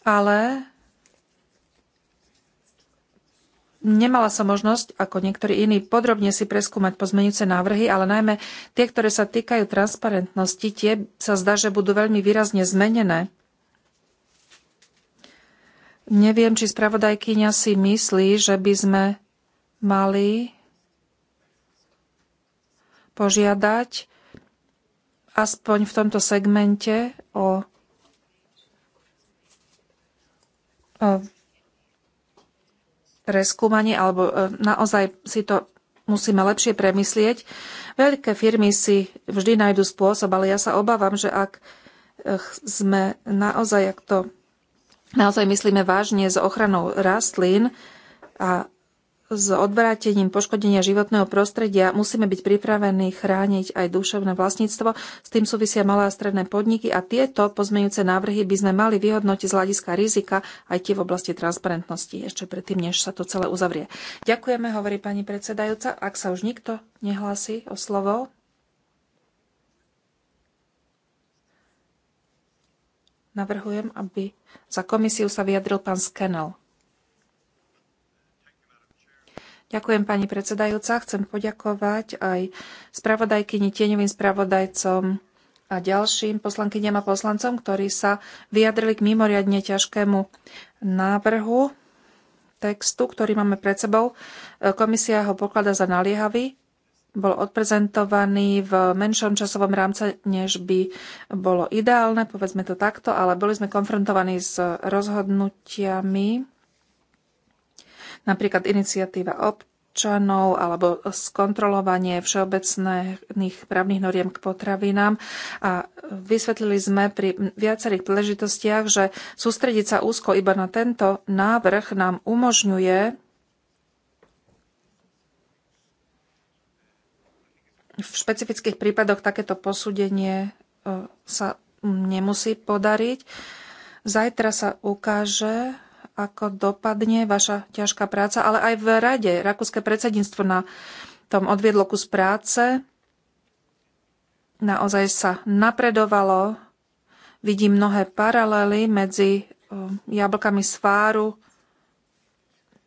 Speaker 3: ale Nemala som možnosť, ako niektorí iní, podrobne si preskúmať pozmeňujúce návrhy, ale najmä tie, ktoré sa týkajú transparentnosti, tie sa zdá, že budú veľmi výrazne zmenené. Neviem, či spravodajkyňa si myslí, že by sme mali požiadať aspoň v tomto segmente o, o preskúmanie, alebo e, naozaj si to musíme lepšie premyslieť. Veľké firmy si vždy nájdu spôsob, ale ja sa obávam, že ak e, sme naozaj, ak to naozaj myslíme vážne s ochranou rastlín a s odvrátením poškodenia životného prostredia musíme byť pripravení chrániť aj duševné vlastníctvo. S tým súvisia malé a stredné podniky a tieto pozmeňujúce návrhy by sme mali vyhodnotiť z hľadiska rizika aj tie v oblasti transparentnosti, ešte predtým, než sa to celé uzavrie. Ďakujeme, hovorí pani predsedajúca. Ak sa už nikto nehlási o slovo, navrhujem, aby za komisiu sa vyjadril pán Skenel. Ďakujem, pani predsedajúca. Chcem poďakovať aj spravodajkyni, tieňovým spravodajcom a ďalším poslankyniam a poslancom, ktorí sa vyjadrili k mimoriadne ťažkému návrhu textu, ktorý máme pred sebou. Komisia ho poklada za naliehavý. Bol odprezentovaný v menšom časovom rámce, než by bolo ideálne, povedzme to takto, ale boli sme konfrontovaní s rozhodnutiami napríklad iniciatíva občanov alebo skontrolovanie všeobecných právnych noriem k potravinám. A vysvetlili sme pri viacerých príležitostiach, že sústrediť sa úzko iba na tento návrh nám umožňuje v špecifických prípadoch takéto posúdenie e, sa nemusí podariť. Zajtra sa ukáže, ako dopadne vaša ťažká práca, ale aj v rade. Rakúske predsedníctvo na tom odviedlo kus práce. Naozaj sa napredovalo. Vidím mnohé paralely medzi um, jablkami sváru,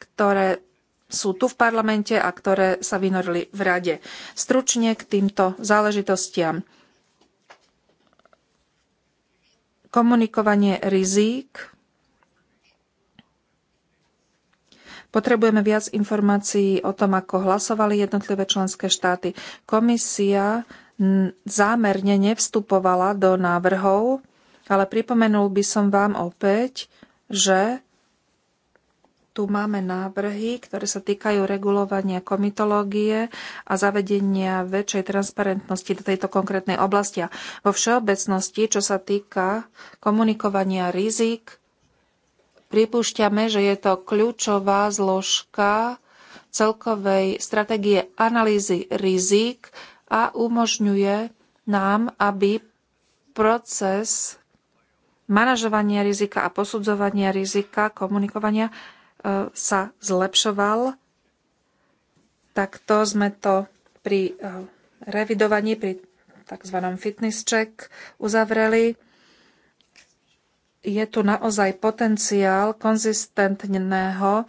Speaker 3: ktoré sú tu v parlamente a ktoré sa vynorili v rade. Stručne k týmto záležitostiam. Komunikovanie rizík Potrebujeme viac informácií o tom, ako hlasovali jednotlivé členské štáty. Komisia zámerne nevstupovala do návrhov, ale pripomenul by som vám opäť, že tu máme návrhy, ktoré sa týkajú regulovania komitológie a zavedenia väčšej transparentnosti do tejto konkrétnej oblasti. A vo všeobecnosti, čo sa týka komunikovania rizik, Pripúšťame, že je to kľúčová zložka celkovej stratégie analýzy rizik a umožňuje nám, aby proces manažovania rizika a posudzovania rizika, komunikovania e, sa zlepšoval. Takto sme to pri e, revidovaní, pri tzv. fitness check uzavreli je tu naozaj potenciál konzistentného,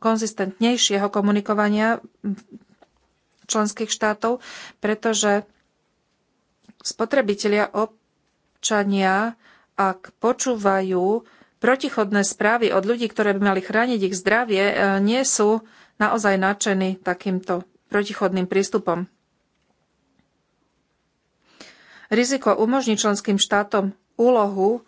Speaker 3: konzistentnejšieho komunikovania členských štátov, pretože spotrebitelia občania, ak počúvajú protichodné správy od ľudí, ktoré by mali chrániť ich zdravie, e, nie sú naozaj nadšení takýmto protichodným prístupom. Riziko umožní členským štátom úlohu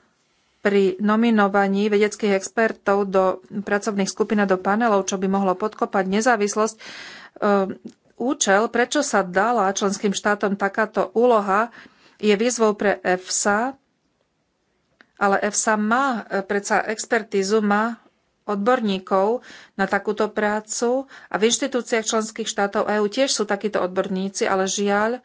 Speaker 3: pri nominovaní vedeckých expertov do pracovných skupín a do panelov, čo by mohlo podkopať nezávislosť. Eh, účel, prečo sa dala členským štátom takáto úloha, je výzvou pre EFSA, ale EFSA má eh, predsa expertízu, má odborníkov na takúto prácu a v inštitúciách členských štátov EÚ tiež sú takíto odborníci, ale žiaľ,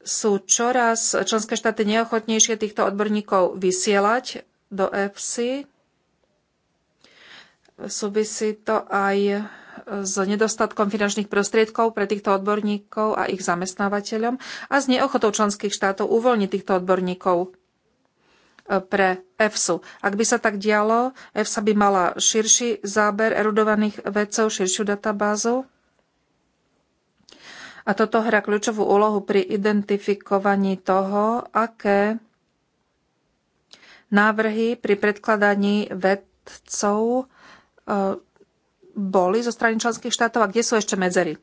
Speaker 3: sú čoraz členské štáty neochotnejšie týchto odborníkov vysielať do EFSI. Súvisí to aj s nedostatkom finančných prostriedkov pre týchto odborníkov a ich zamestnávateľom a s neochotou členských štátov uvoľniť týchto odborníkov e, pre EFSU. Ak by sa tak dialo, EFSA by mala širší záber erudovaných vedcov, širšiu databázu a toto hrá kľúčovú úlohu pri identifikovaní toho, aké návrhy pri predkladaní vedcov e, boli zo strany členských štátov a kde sú ešte medzery.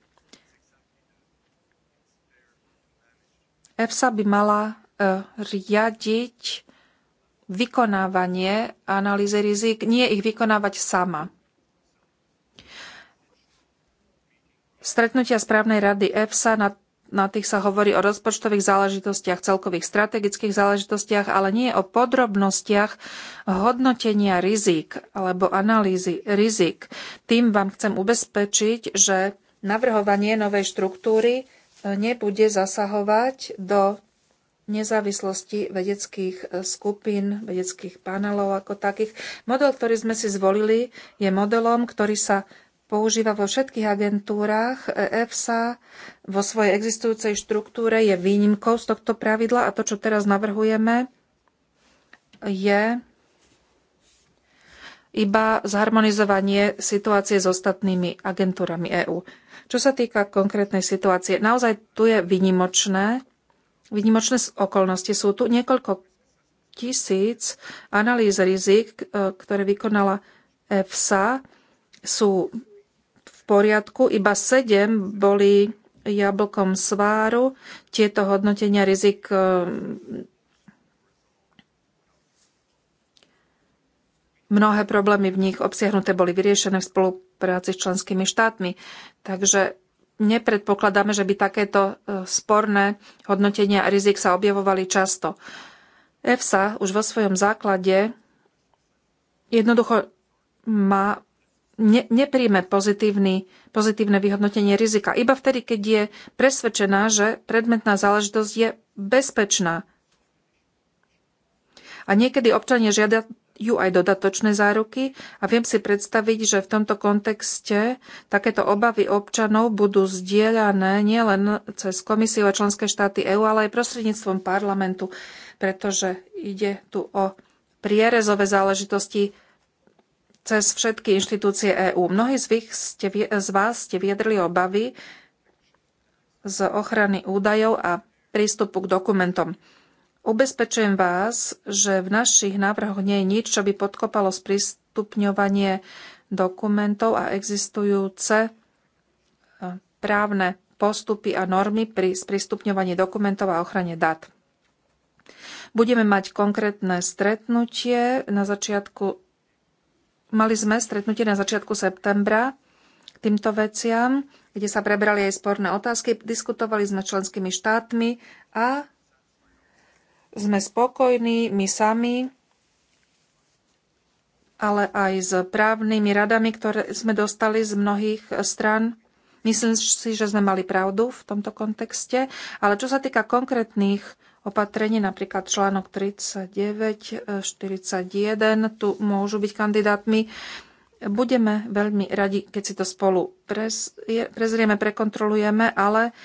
Speaker 3: EFSA by mala e, riadiť vykonávanie analýzy rizik, nie ich vykonávať sama. Stretnutia správnej rady EFSA na na tých sa hovorí o rozpočtových záležitostiach, celkových strategických záležitostiach, ale nie o podrobnostiach hodnotenia rizik alebo analýzy rizik. Tým vám chcem ubezpečiť, že navrhovanie novej štruktúry e, nebude zasahovať do nezávislosti vedeckých e, skupín, vedeckých panelov ako takých. Model, ktorý sme si zvolili, je modelom, ktorý sa používa vo všetkých agentúrach. E, EFSA vo svojej existujúcej štruktúre je výnimkou z tohto pravidla a to, čo teraz navrhujeme, je iba zharmonizovanie situácie s ostatnými agentúrami EÚ. Čo sa týka konkrétnej situácie, naozaj tu je vynimočné, vynimočné okolnosti. Sú tu niekoľko tisíc analýz rizik, e, ktoré vykonala EFSA, sú poriadku, iba 7 boli jablkom sváru. Tieto hodnotenia rizik eh, Mnohé problémy v nich obsiahnuté boli vyriešené v spolupráci s členskými štátmi. Takže nepredpokladáme, že by takéto eh, sporné hodnotenia a rizik sa objavovali často. EFSA už vo svojom základe jednoducho má ne, nepríjme pozitívne vyhodnotenie rizika. Iba vtedy, keď je presvedčená, že predmetná záležitosť je bezpečná. A niekedy občania žiadajú aj dodatočné záruky a viem si predstaviť, že v tomto kontexte takéto obavy občanov budú zdieľané nielen cez komisiu a členské štáty EÚ, ale aj prostredníctvom parlamentu, pretože ide tu o prierezové záležitosti cez všetky inštitúcie EÚ. Mnohí z, vých ste, z vás ste viedrili obavy z ochrany údajov a prístupu k dokumentom. Ubezpečujem vás, že v našich návrhoch nie je nič, čo by podkopalo sprístupňovanie dokumentov a existujúce e, právne postupy a normy pri sprístupňovaní dokumentov a ochrane dát. Budeme mať konkrétne stretnutie na začiatku Mali sme stretnutie na začiatku septembra k týmto veciam, kde sa prebrali aj sporné otázky, diskutovali sme členskými štátmi a sme spokojní my sami, ale aj s právnymi radami, ktoré sme dostali z mnohých stran. Myslím si, že sme mali pravdu v tomto kontexte, ale čo sa týka konkrétnych Opatrenie napríklad článok 39, 41, eh, tu môžu byť kandidátmi. Budeme veľmi radi, keď si to spolu prezrieme, prekontrolujeme, ale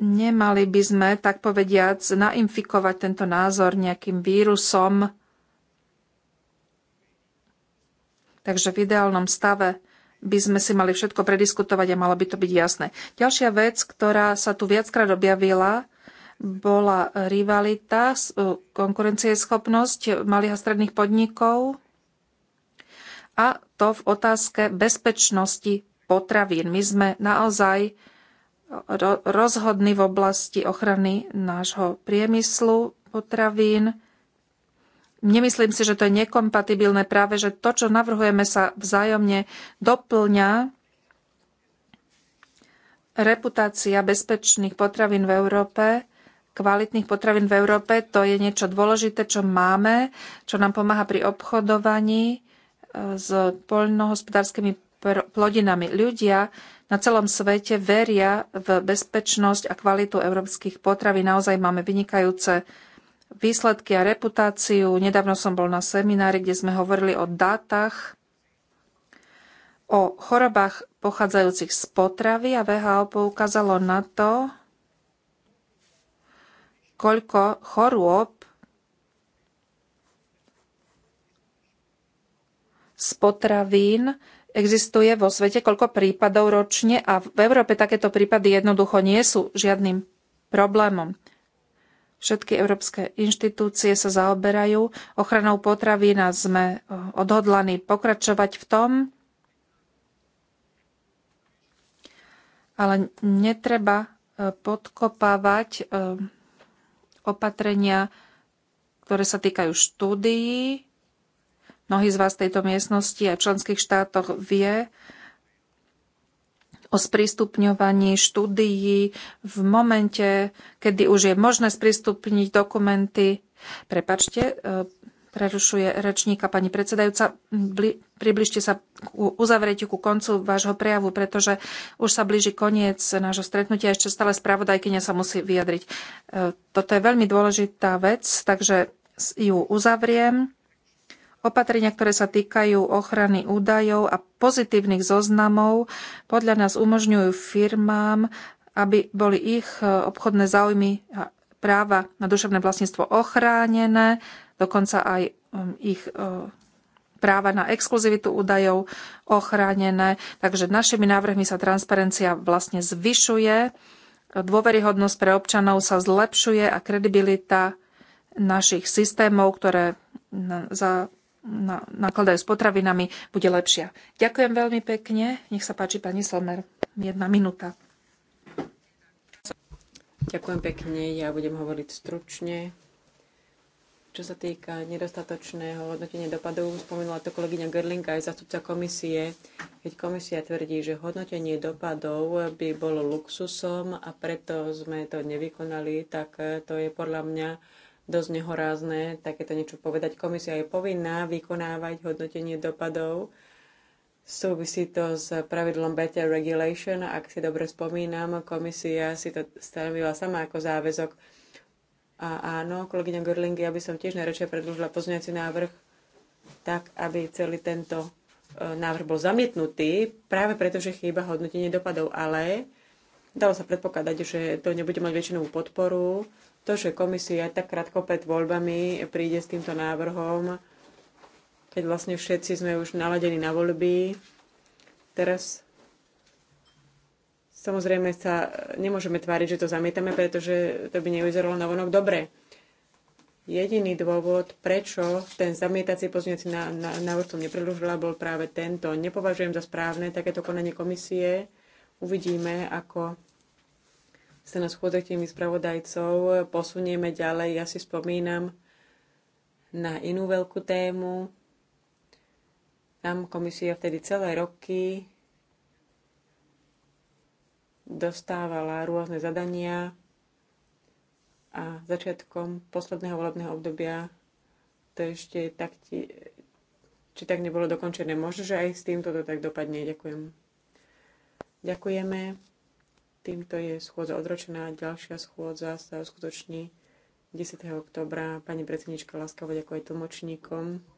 Speaker 3: nemali by sme, tak povediac, nainfikovať tento názor nejakým vírusom. Takže v ideálnom stave by sme si mali všetko prediskutovať a malo by to byť jasné. Ďalšia vec, ktorá sa tu viackrát objavila, bola rivalita, e, konkurencieschopnosť malých a stredných podnikov a to v otázke bezpečnosti potravín. My sme naozaj rozhodní v oblasti ochrany nášho priemyslu potravín. Nemyslím si, že to je nekompatibilné. Práve, že to, čo navrhujeme, sa vzájomne doplňa reputácia bezpečných potravín v Európe kvalitných potravín v Európe, to je niečo dôležité, čo máme, čo nám pomáha pri obchodovaní e, s poľnohospodárskymi plodinami. Ľudia na celom svete veria v bezpečnosť a kvalitu európskych potravín. Naozaj máme vynikajúce výsledky a reputáciu. Nedávno som bol na seminári, kde sme hovorili o dátach, o chorobách pochádzajúcich z potravy a VHO poukázalo na to, koľko chorôb z potravín existuje vo svete, koľko prípadov ročne a v Európe takéto prípady jednoducho nie sú žiadnym problémom. Všetky európske inštitúcie sa zaoberajú ochranou potravín a sme eh, odhodlaní pokračovať v tom, ale netreba eh, podkopávať eh, opatrenia, ktoré sa týkajú štúdií. Mnohí z vás v tejto miestnosti a členských štátoch vie o sprístupňovaní štúdií v momente, kedy už je možné sprístupniť dokumenty. Prepačte, e, Prerušuje rečníka pani predsedajúca. Približte sa ku uzavretiu, ku koncu vášho prejavu, pretože už sa blíži koniec nášho stretnutia. Ešte stále spravodajkynia sa musí vyjadriť. E, toto je veľmi dôležitá vec, takže ju uzavriem. Opatrenia, ktoré sa týkajú ochrany údajov a pozitívnych zoznamov, podľa nás umožňujú firmám, aby boli ich e, obchodné záujmy a práva na duševné vlastníctvo ochránené dokonca aj um, ich uh, práva na exkluzivitu údajov ochránené. Takže našimi návrhmi sa transparencia vlastne zvyšuje, dôveryhodnosť pre občanov sa zlepšuje a kredibilita našich systémov, ktoré za na, nakladajú s potravinami, bude lepšia. Ďakujem veľmi pekne. Nech sa páči, pani Somer. Jedna minúta.
Speaker 1: Ďakujem pekne. Ja budem hovoriť stručne. Čo sa týka nedostatočného hodnotenia dopadov, spomínala to kolegyňa Gerlinka aj zastupca komisie, keď komisia tvrdí, že hodnotenie dopadov by bolo luxusom a preto sme to nevykonali, tak to je podľa mňa dosť nehorázne takéto niečo povedať. Komisia je povinná vykonávať hodnotenie dopadov. Súvisí to s pravidlom Better Regulation. Ak si dobre spomínam, komisia si to stanovila sama ako záväzok a áno, kolegyňa Görlingy, ja by som tiež najradšej predložila pozňujúci návrh tak, aby celý tento e, návrh bol zamietnutý, práve preto, že chýba hodnotenie dopadov, ale dalo sa predpokladať, že to nebude mať väčšinovú podporu. To, že komisia tak krátko pred voľbami príde s týmto návrhom, keď vlastne všetci sme už naladení na voľby, teraz Samozrejme sa nemôžeme tváriť, že to zamietame, pretože to by nevyzeralo vonok dobre. Jediný dôvod, prečo ten zamietací pozmeňovací návrh som nepredlžila, bol práve tento. Nepovažujem za správne takéto konanie komisie. Uvidíme, ako sa na schôdze tými spravodajcov posunieme ďalej. Ja si spomínam na inú veľkú tému. Tam komisia vtedy celé roky dostávala rôzne zadania a začiatkom posledného volebného obdobia to ešte tak ti, či tak nebolo dokončené. Možno, že aj s týmto to tak dopadne. Ďakujem. Ďakujeme. Týmto je schôdza odročená. Ďalšia schôdza sa uskutoční 10. oktobra. Pani predsednička Láskavo ďakujem tlmočníkom.